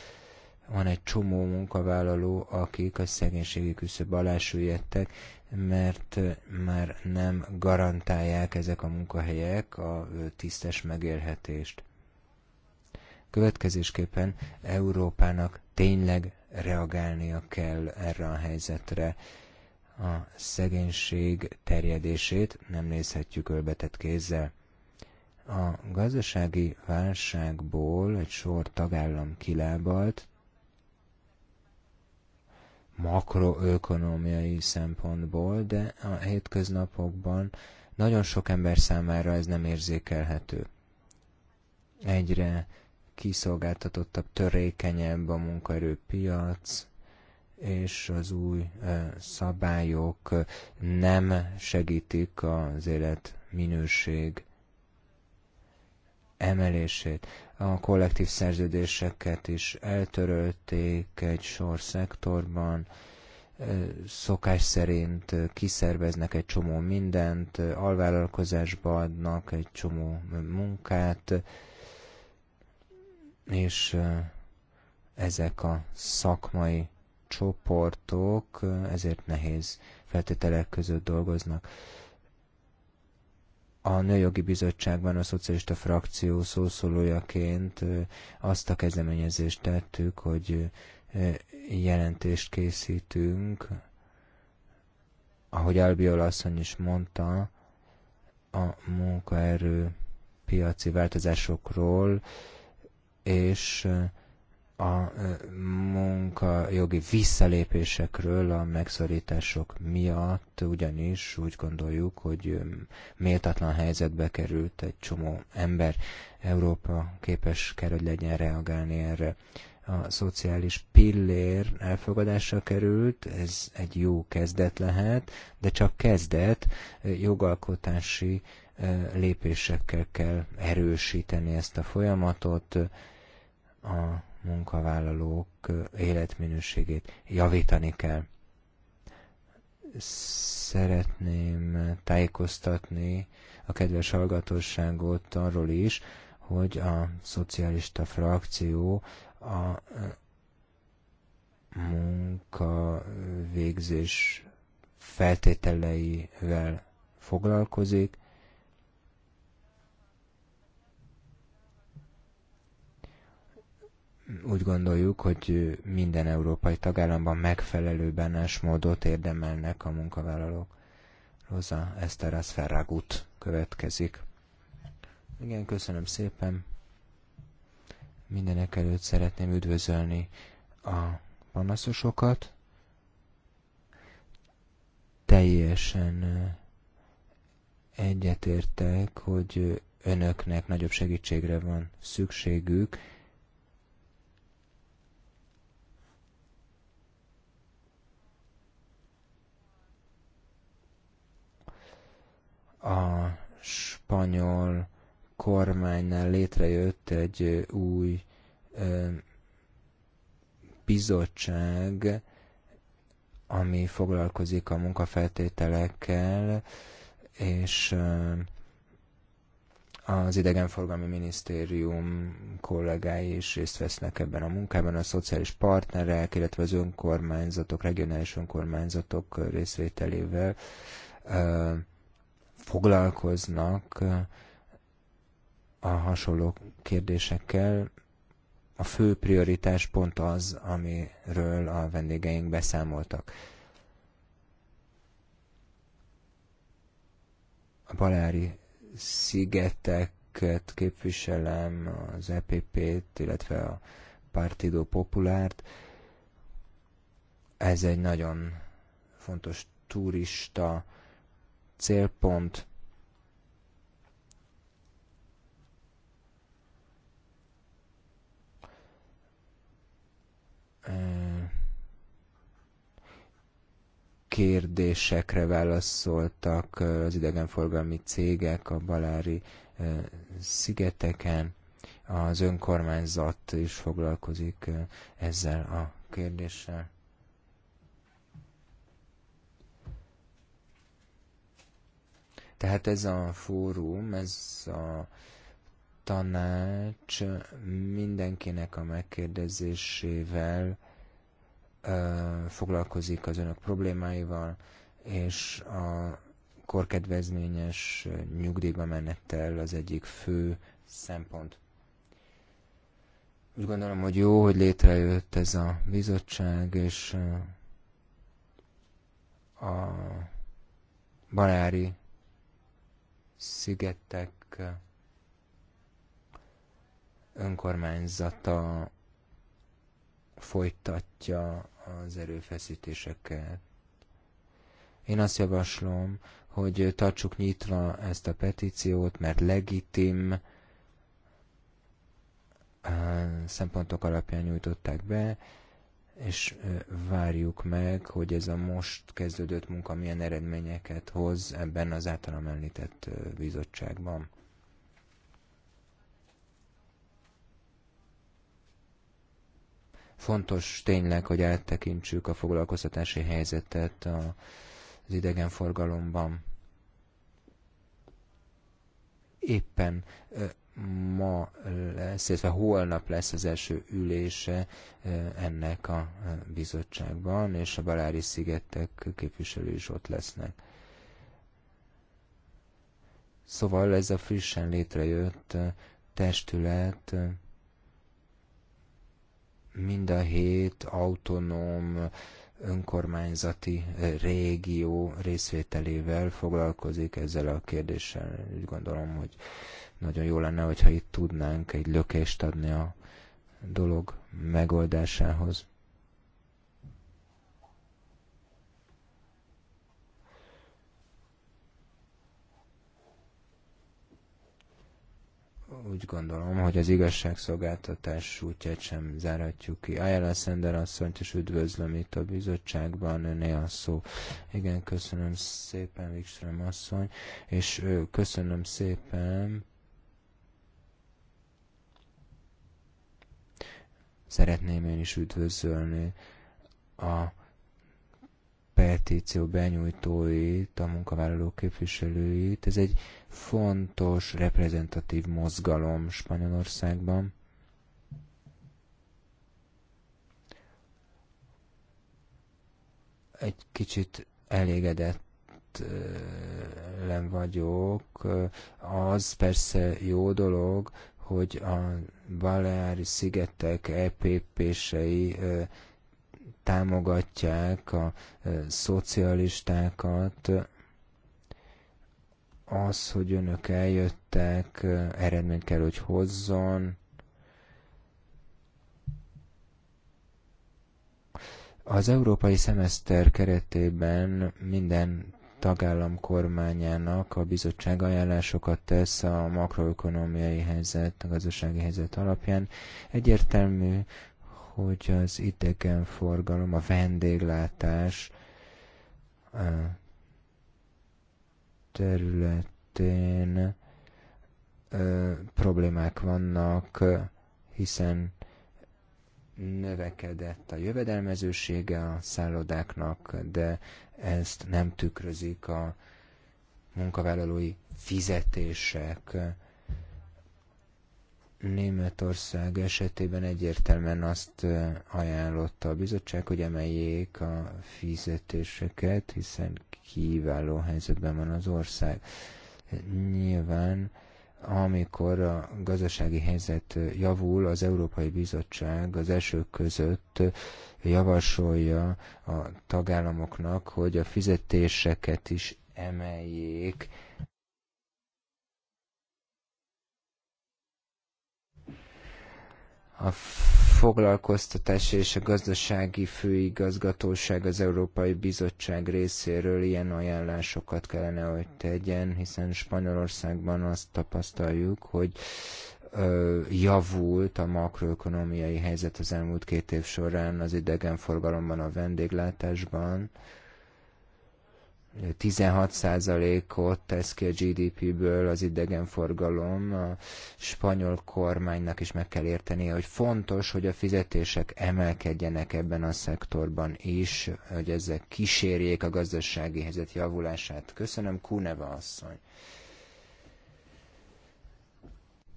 Van egy csomó munkavállaló, akik a szegénységi küszöb alá süllyedtek, mert már nem garantálják ezek a munkahelyek a tisztes megélhetést. Következésképpen Európának tényleg reagálnia kell erre a helyzetre. A szegénység terjedését nem nézhetjük ölbetett kézzel. A gazdasági válságból egy sor tagállam kilábalt, makroökonomiai szempontból, de a hétköznapokban nagyon sok ember számára ez nem érzékelhető. Egyre kiszolgáltatottabb, törékenyebb a munkaerőpiac, és az új szabályok nem segítik az élet minőség emelését. A kollektív szerződéseket is eltörölték egy sor szektorban, szokás szerint kiszerveznek egy csomó mindent, alvállalkozásba adnak egy csomó munkát, és ezek a szakmai csoportok ezért nehéz feltételek között dolgoznak. A Nőjogi Bizottságban a szocialista frakció szószólójaként azt a kezdeményezést tettük, hogy jelentést készítünk, ahogy Albiol asszony is mondta, a munkaerő piaci változásokról, és a munkajogi visszalépésekről a megszorítások miatt, ugyanis úgy gondoljuk, hogy méltatlan helyzetbe került egy csomó ember. Európa képes kell, hogy legyen reagálni erre a szociális pillér elfogadásra került, ez egy jó kezdet lehet, de csak kezdet, jogalkotási lépésekkel kell erősíteni ezt a folyamatot, a munkavállalók életminőségét javítani kell. Szeretném tájékoztatni a kedves hallgatóságot arról is, hogy a szocialista frakció a munkavégzés feltételeivel foglalkozik, úgy gondoljuk, hogy minden európai tagállamban megfelelő bánásmódot érdemelnek a munkavállalók. Rosa Esteras Ferragut következik. Igen, köszönöm szépen. Mindenek előtt szeretném üdvözölni a panaszosokat. Teljesen egyetértek, hogy önöknek nagyobb segítségre van szükségük, a spanyol kormánynál létrejött egy új bizottság, ami foglalkozik a munkafeltételekkel, és az idegenforgalmi minisztérium kollégái is részt vesznek ebben a munkában, a szociális partnerek, illetve az önkormányzatok, regionális önkormányzatok részvételével foglalkoznak eh, a hasonló kérdésekkel. A fő prioritás pont az, amiről a vendégeink beszámoltak. A Balári szigeteket képviselem, az EPP-t, illetve a Partido Populárt. Ez egy nagyon fontos turista célpont. kérdésekre válaszoltak az idegenforgalmi cégek a Balári szigeteken. Az önkormányzat is foglalkozik ezzel a kérdéssel. Tehát ez a fórum, ez a tanács mindenkinek a megkérdezésével ö, foglalkozik az önök problémáival, és a korkedvezményes nyugdíjba menettel az egyik fő szempont. Úgy gondolom, hogy jó, hogy létrejött ez a bizottság, és a Balári szigetek önkormányzata folytatja az erőfeszítéseket. Én azt javaslom, hogy tartsuk nyitva ezt a petíciót, mert legitim eh, szempontok alapján nyújtották be, és várjuk meg, hogy ez a most kezdődött munka milyen eredményeket hoz ebben az általam említett bizottságban. Fontos tényleg, hogy áttekintsük a foglalkoztatási helyzetet az idegenforgalomban. Éppen ma lesz, illetve holnap lesz az első ülése eh, ennek a eh, bizottságban, és a Balári szigetek képviselői is ott lesznek. Szóval ez a frissen létrejött eh, testület mind a hét autonóm önkormányzati régió részvételével foglalkozik ezzel a kérdéssel. Úgy gondolom, hogy nagyon jó lenne, hogyha itt tudnánk egy lökést adni a dolog megoldásához. úgy gondolom, hogy az igazságszolgáltatás útját sem zárhatjuk ki. Ajala Szender asszonyt is üdvözlöm itt a bizottságban, öné a szó. Igen, köszönöm szépen, Wikström asszony, és köszönöm szépen szeretném én is üdvözölni a petíció benyújtóit, a munkavállaló képviselőit. Ez egy fontos, reprezentatív mozgalom Spanyolországban. Egy kicsit elégedett nem vagyok. Az persze jó dolog, hogy a Baleári szigetek EPP-sei támogatják a szocialistákat, az, hogy önök eljöttek, eredmény kell, hogy hozzon. Az európai szemeszter keretében minden tagállam kormányának a bizottság ajánlásokat tesz a makroökonomiai helyzet, a gazdasági helyzet alapján. Egyértelmű, hogy az idegenforgalom, a vendéglátás területén problémák vannak, hiszen növekedett a jövedelmezősége a szállodáknak, de ezt nem tükrözik a munkavállalói fizetések. Németország esetében egyértelműen azt ajánlotta a bizottság, hogy emeljék a fizetéseket, hiszen kiváló helyzetben van az ország. Nyilván, amikor a gazdasági helyzet javul, az Európai Bizottság az első között javasolja a tagállamoknak, hogy a fizetéseket is emeljék. A foglalkoztatás és a gazdasági főigazgatóság az Európai Bizottság részéről ilyen ajánlásokat kellene, hogy tegyen, hiszen Spanyolországban azt tapasztaljuk, hogy javult a makroökonomiai helyzet az elmúlt két év során az idegenforgalomban, a vendéglátásban. 16%-ot tesz ki a GDP-ből az idegenforgalom. A spanyol kormánynak is meg kell értenie, hogy fontos, hogy a fizetések emelkedjenek ebben a szektorban is, hogy ezek kísérjék a gazdasági helyzet javulását. Köszönöm, Kuneva asszony!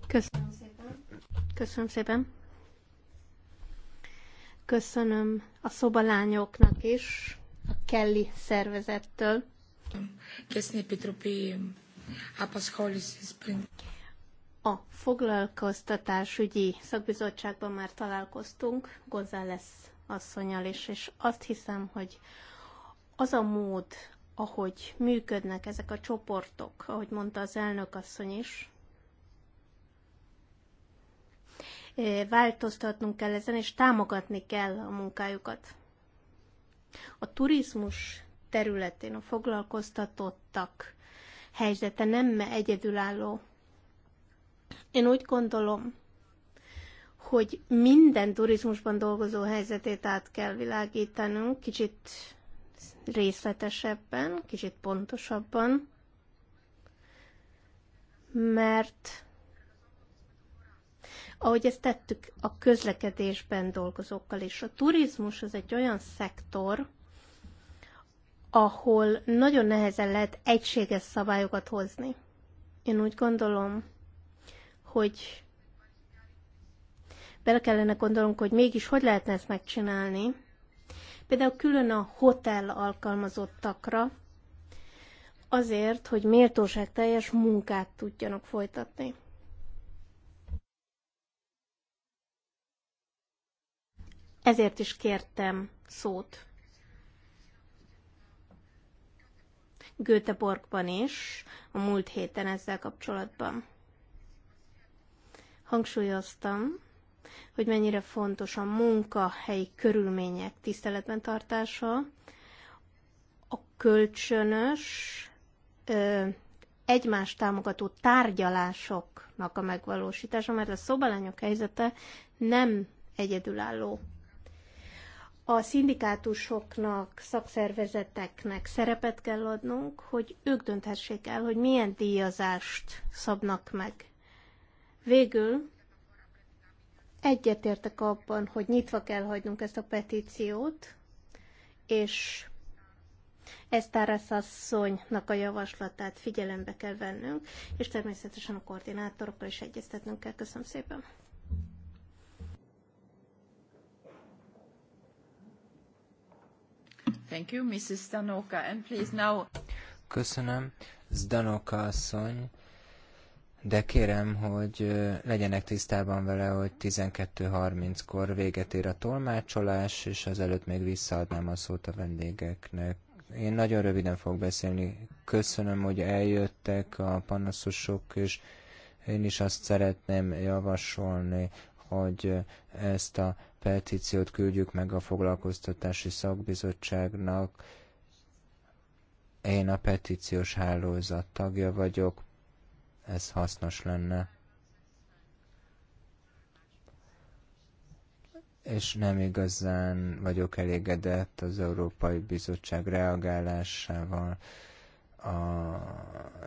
Köszönöm szépen. Köszönöm szépen. Köszönöm a szobalányoknak is, a Kelly szervezettől. A foglalkoztatásügyi szakbizottságban már találkoztunk González asszonyal is, és azt hiszem, hogy az a mód, ahogy működnek ezek a csoportok, ahogy mondta az elnök asszony is, változtatnunk kell ezen, és támogatni kell a munkájukat. A turizmus területén a foglalkoztatottak helyzete nem egyedülálló. Én úgy gondolom, hogy minden turizmusban dolgozó helyzetét át kell világítanunk, kicsit részletesebben, kicsit pontosabban, mert ahogy ezt tettük a közlekedésben dolgozókkal is. A turizmus az egy olyan szektor, ahol nagyon nehezen lehet egységes szabályokat hozni. Én úgy gondolom, hogy bele kellene gondolunk, hogy mégis hogy lehetne ezt megcsinálni. Például külön a hotel alkalmazottakra, azért, hogy teljes munkát tudjanak folytatni. Ezért is kértem szót. Göteborgban is, a múlt héten ezzel kapcsolatban. Hangsúlyoztam, hogy mennyire fontos a munkahelyi körülmények tiszteletben tartása, a kölcsönös, ö, támogató tárgyalásoknak a megvalósítása, mert a szobalányok helyzete nem egyedülálló a szindikátusoknak, szakszervezeteknek szerepet kell adnunk, hogy ők dönthessék el, hogy milyen díjazást szabnak meg. Végül egyetértek abban, hogy nyitva kell hagynunk ezt a petíciót, és ezt Tárász asszonynak a javaslatát figyelembe kell vennünk, és természetesen a koordinátorokkal is egyeztetnünk kell. Köszönöm szépen! Thank you, Mrs. and please now... Köszönöm, Zdanoka asszony, de kérem, hogy legyenek tisztában vele, hogy 12.30-kor véget ér a tolmácsolás, és azelőtt még visszaadnám a szót a vendégeknek. Én nagyon röviden fogok beszélni. Köszönöm, hogy eljöttek a panaszosok, és én is azt szeretném javasolni, hogy ezt a petíciót küldjük meg a foglalkoztatási szakbizottságnak. Én a petíciós hálózat tagja vagyok, ez hasznos lenne. És nem igazán vagyok elégedett az Európai Bizottság reagálásával a,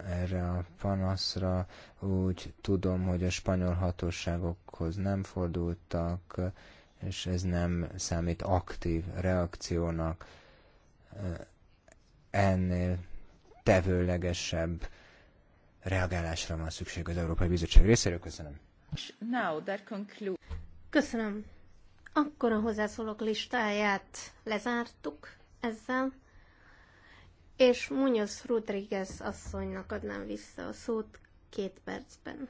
erre a panaszra, úgy tudom, hogy a spanyol hatóságokhoz nem fordultak, és ez nem számít aktív reakciónak. Ennél tevőlegesebb reagálásra van szükség az Európai Bizottság részéről. Köszönöm. Köszönöm. Akkor a hozzászólók listáját lezártuk ezzel, és Munoz Rodriguez asszonynak adnám vissza a szót két percben.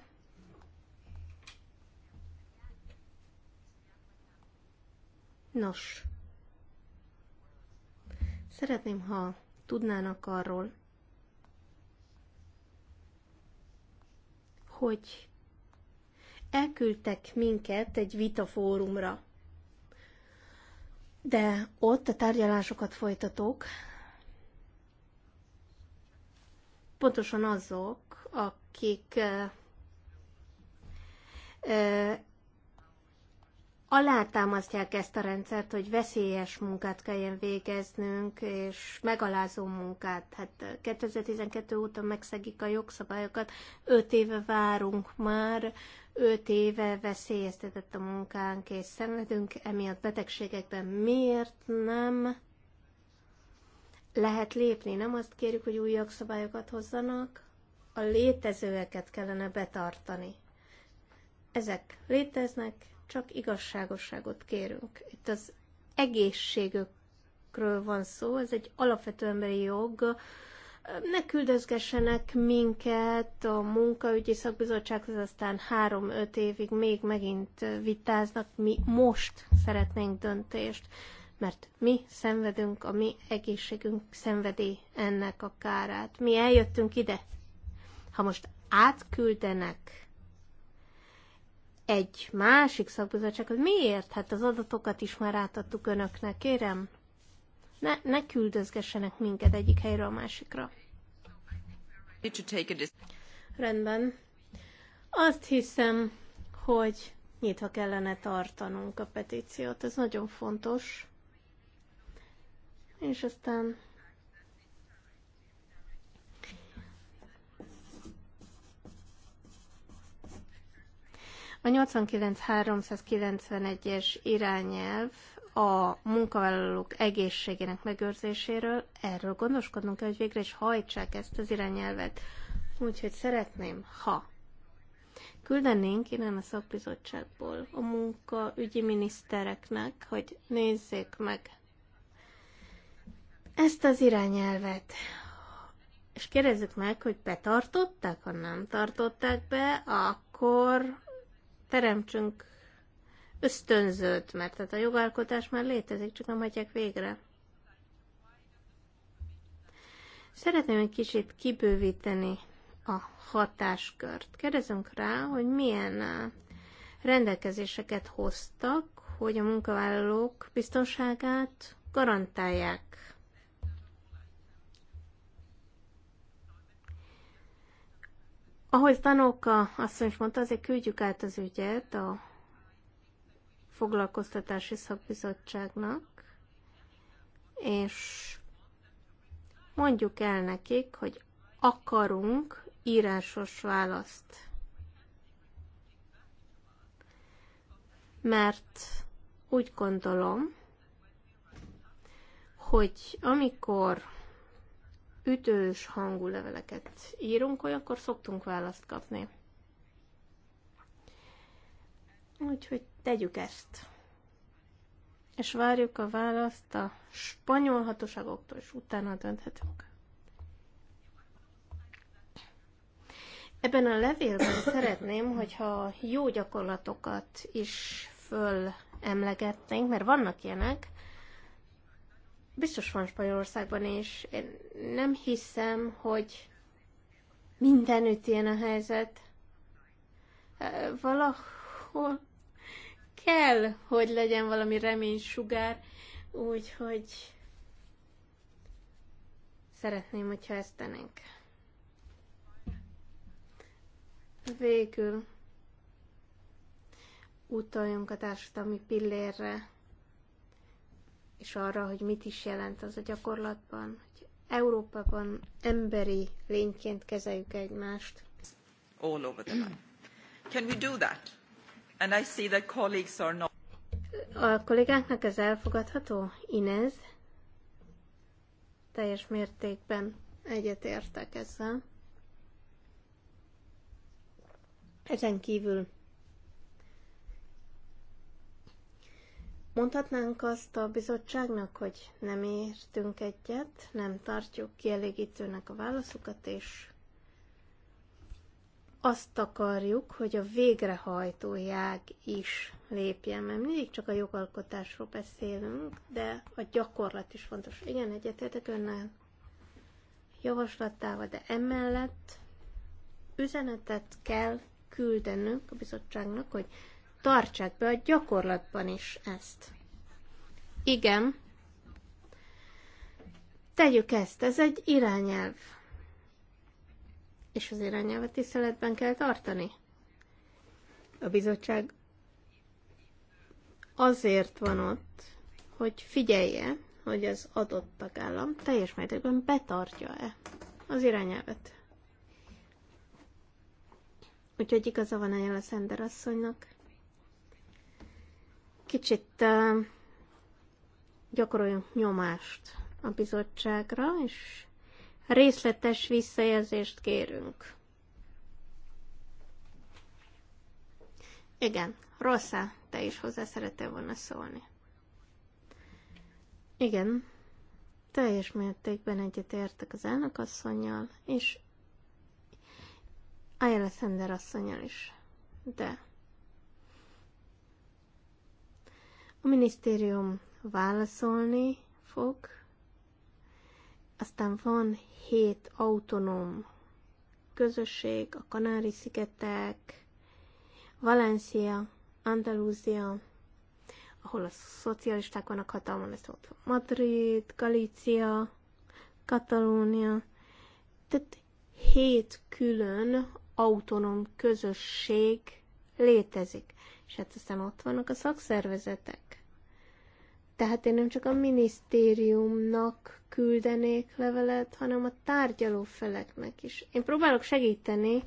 Nos, szeretném, ha tudnának arról, hogy elküldtek minket egy vitafórumra. De ott a tárgyalásokat folytatók, pontosan azok, akik eh, eh, alátámasztják ezt a rendszert, hogy veszélyes munkát kelljen végeznünk, és megalázó munkát. Hát 2012 eh, óta megszegik a jogszabályokat, 5 éve várunk már, 5 éve veszélyeztetett a munkánk, és szenvedünk emiatt betegségekben. Miért nem lehet lépni? Nem azt kérjük, hogy új jogszabályokat hozzanak, a létezőeket kellene betartani. Ezek léteznek, csak igazságosságot kérünk. Itt az egészségükről van szó, ez egy alapvető emberi jog. Ne küldözgessenek minket a munkaügyi szakbizottsághoz, aztán három-öt évig még megint vitáznak. Mi most szeretnénk döntést, mert mi szenvedünk, a mi egészségünk szenvedi ennek a kárát. Mi eljöttünk ide. Ha most átküldenek egy másik szakbizottság, hogy miért? Hát az adatokat is már átadtuk önöknek, kérem. Ne, ne küldözgessenek minket egyik helyről a másikra. Rendben. Azt hiszem, hogy nyitva kellene tartanunk a petíciót. Ez nagyon fontos. És aztán A 89.391-es irányelv a munkavállalók egészségének megőrzéséről, erről gondoskodnunk kell, hogy végre is hajtsák ezt az irányelvet. Úgyhogy szeretném, ha küldenénk innen a szakbizottságból a munkaügyi minisztereknek, hogy nézzék meg ezt az irányelvet, és kérdezzük meg, hogy betartották, ha nem tartották be, akkor teremtsünk ösztönzőt, mert tehát a jogalkotás már létezik, csak nem hagyják végre. Szeretném egy kicsit kibővíteni a hatáskört. Kérdezünk rá, hogy milyen uh, rendelkezéseket hoztak, hogy a munkavállalók biztonságát garantálják. Ahogy Tanóka asszony mondta, azért küldjük át az ügyet a foglalkoztatási szakbizottságnak, és mondjuk el nekik, hogy akarunk írásos választ. Mert úgy gondolom, hogy amikor ütős hangú leveleket írunk, olyankor szoktunk választ kapni. Úgyhogy tegyük ezt. És várjuk a választ a spanyol hatóságoktól, és utána dönthetünk. Ebben a levélben szeretném, hogyha jó gyakorlatokat is emlegetnénk, mert vannak ilyenek, biztos van Spanyolországban és Én nem hiszem, hogy mindenütt ilyen a helyzet. Valahol kell, hogy legyen valami remény sugár, úgyhogy szeretném, hogyha ezt tennénk. Végül utaljunk a társadalmi pillérre és arra, hogy mit is jelent az a gyakorlatban, hogy Európában emberi lényként kezeljük egymást. All over the Can we do that? And I see that colleagues are not. A kollégáknak ez elfogadható? Inez? Teljes mértékben egyetértek ezzel. Ezen kívül Mondhatnánk azt a bizottságnak, hogy nem értünk egyet, nem tartjuk kielégítőnek a válaszokat, és azt akarjuk, hogy a végrehajtójág is lépjen, mert mindig csak a jogalkotásról beszélünk, de a gyakorlat is fontos. Igen, egyetértek önnel javaslattával, de emellett üzenetet kell küldenünk a bizottságnak, hogy tartsák be a gyakorlatban is ezt. Igen, tegyük ezt, ez egy irányelv. És az irányelvet tiszteletben kell tartani. A bizottság azért van ott, hogy figyelje, hogy az adott tagállam teljes mértékben betartja-e az irányelvet. Úgyhogy igaza van a Jela Szender asszonynak. Kicsit gyakoroljunk nyomást a bizottságra, és részletes visszajelzést kérünk. Igen, Rosszá, te is hozzá szerettél volna szólni. Igen, teljes mértékben egyetértek az elnökasszonynal, és Ayala Sender asszonynal is. De A minisztérium válaszolni fog, aztán van hét autonóm közösség, a Kanári-szigetek, Valencia, Andalúzia, ahol a szocialisták vannak hatalmon, ez ott Madrid, Galícia, Katalónia, tehát hét külön autonóm közösség létezik és hát aztán ott vannak a szakszervezetek. Tehát én nem csak a minisztériumnak küldenék levelet, hanem a tárgyaló feleknek is. Én próbálok segíteni.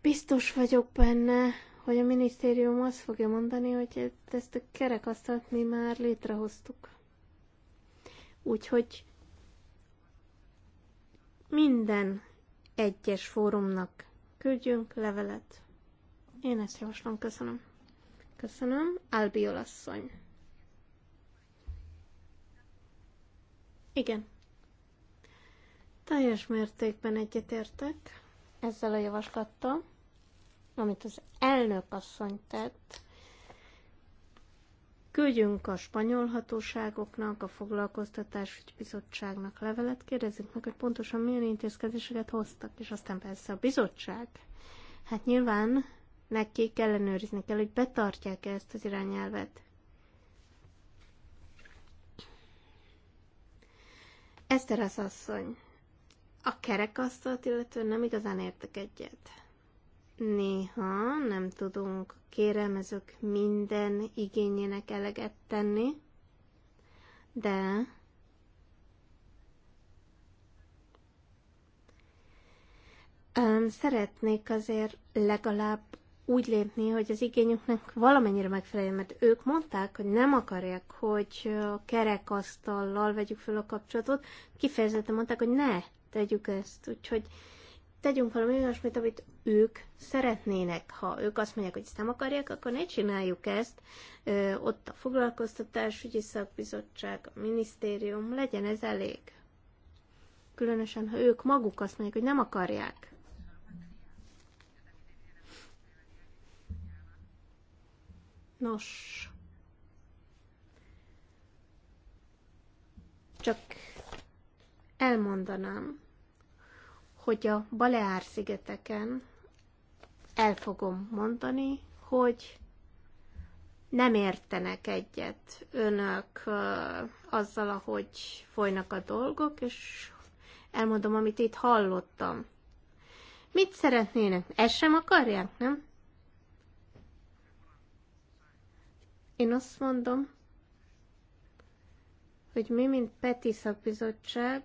Biztos vagyok benne, hogy a minisztérium azt fogja mondani, hogy ezt a kerekasztalt mi már létrehoztuk. Úgyhogy minden egyes fórumnak küldjünk levelet. Én ezt javaslom, köszönöm. Köszönöm, Albiol asszony. Igen. Teljes mértékben egyetértek ezzel a javaslattal, amit az elnök asszony tett, Küldjünk a spanyol hatóságoknak, a foglalkoztatásügyi bizottságnak levelet, kérdezzük meg, hogy pontosan milyen intézkedéseket hoztak, és aztán persze a bizottság. Hát nyilván nekik ellenőrizni kell, hogy betartják -e ezt az irányelvet. Eszter az asszony. A kerekasztalt illetően nem igazán értek egyet néha nem tudunk kérelmezők minden igényének eleget tenni, de um, szeretnék azért legalább úgy lépni, hogy az igényüknek valamennyire megfeleljen, mert ők mondták, hogy nem akarják, hogy kerekasztallal vegyük fel a kapcsolatot, kifejezetten mondták, hogy ne tegyük ezt, úgyhogy tegyünk valami olyasmit, amit ők szeretnének. Ha ők azt mondják, hogy ezt nem akarják, akkor ne csináljuk ezt. Ö, ott a foglalkoztatásügyi szakbizottság, a minisztérium, legyen ez elég. Különösen, ha ők maguk azt mondják, hogy nem akarják. Nos. Csak elmondanám, hogy a Baleár-szigeteken el fogom mondani, hogy nem értenek egyet önök azzal, ahogy folynak a dolgok, és elmondom, amit itt hallottam. Mit szeretnének? Ezt sem akarják, nem? Én azt mondom, hogy mi, mint Peti szakbizottság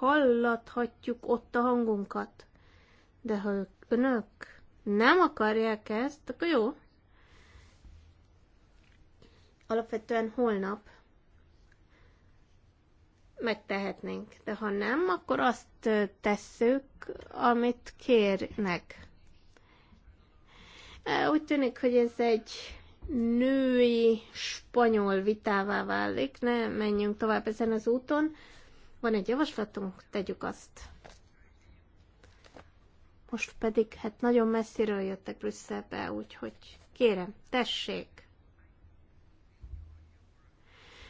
hallathatjuk ott a hangunkat. De ha önök nem akarják ezt, akkor jó. Alapvetően holnap megtehetnénk, de ha nem, akkor azt tesszük, amit kérnek. Úgy tűnik, hogy ez egy női spanyol vitává válik, ne menjünk tovább ezen az úton. Van egy javaslatunk, tegyük azt. Most pedig hát nagyon messziről jöttek Brüsszelbe, úgyhogy kérem, tessék!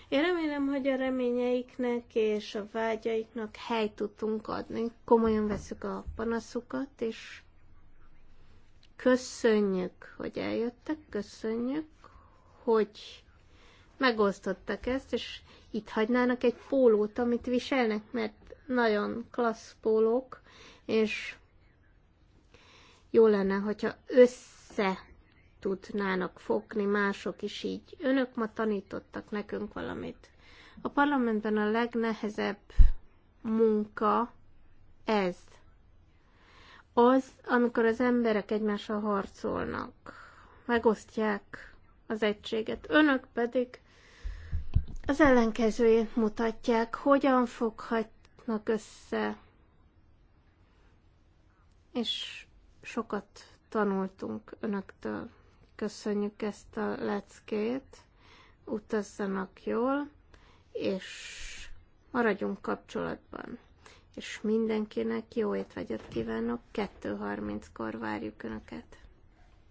Én remélem, hogy a reményeiknek és a vágyaiknak helyt tudtunk adni. Komolyan veszük a panaszukat, és köszönjük, hogy eljöttek, köszönjük, hogy megosztottak ezt, és itt hagynának egy pólót, amit viselnek, mert nagyon klassz pólók, és jó lenne, hogyha össze tudnának fogni mások is így. Önök ma tanítottak nekünk valamit. A parlamentben a legnehezebb munka ez. Az, amikor az emberek egymással harcolnak, megosztják az egységet. Önök pedig az ellenkezőjét mutatják, hogyan foghatnak össze. És sokat tanultunk önöktől. Köszönjük ezt a leckét, utazzanak jól, és maradjunk kapcsolatban. És mindenkinek jó étvágyat kívánok, 2.30-kor várjuk Önöket.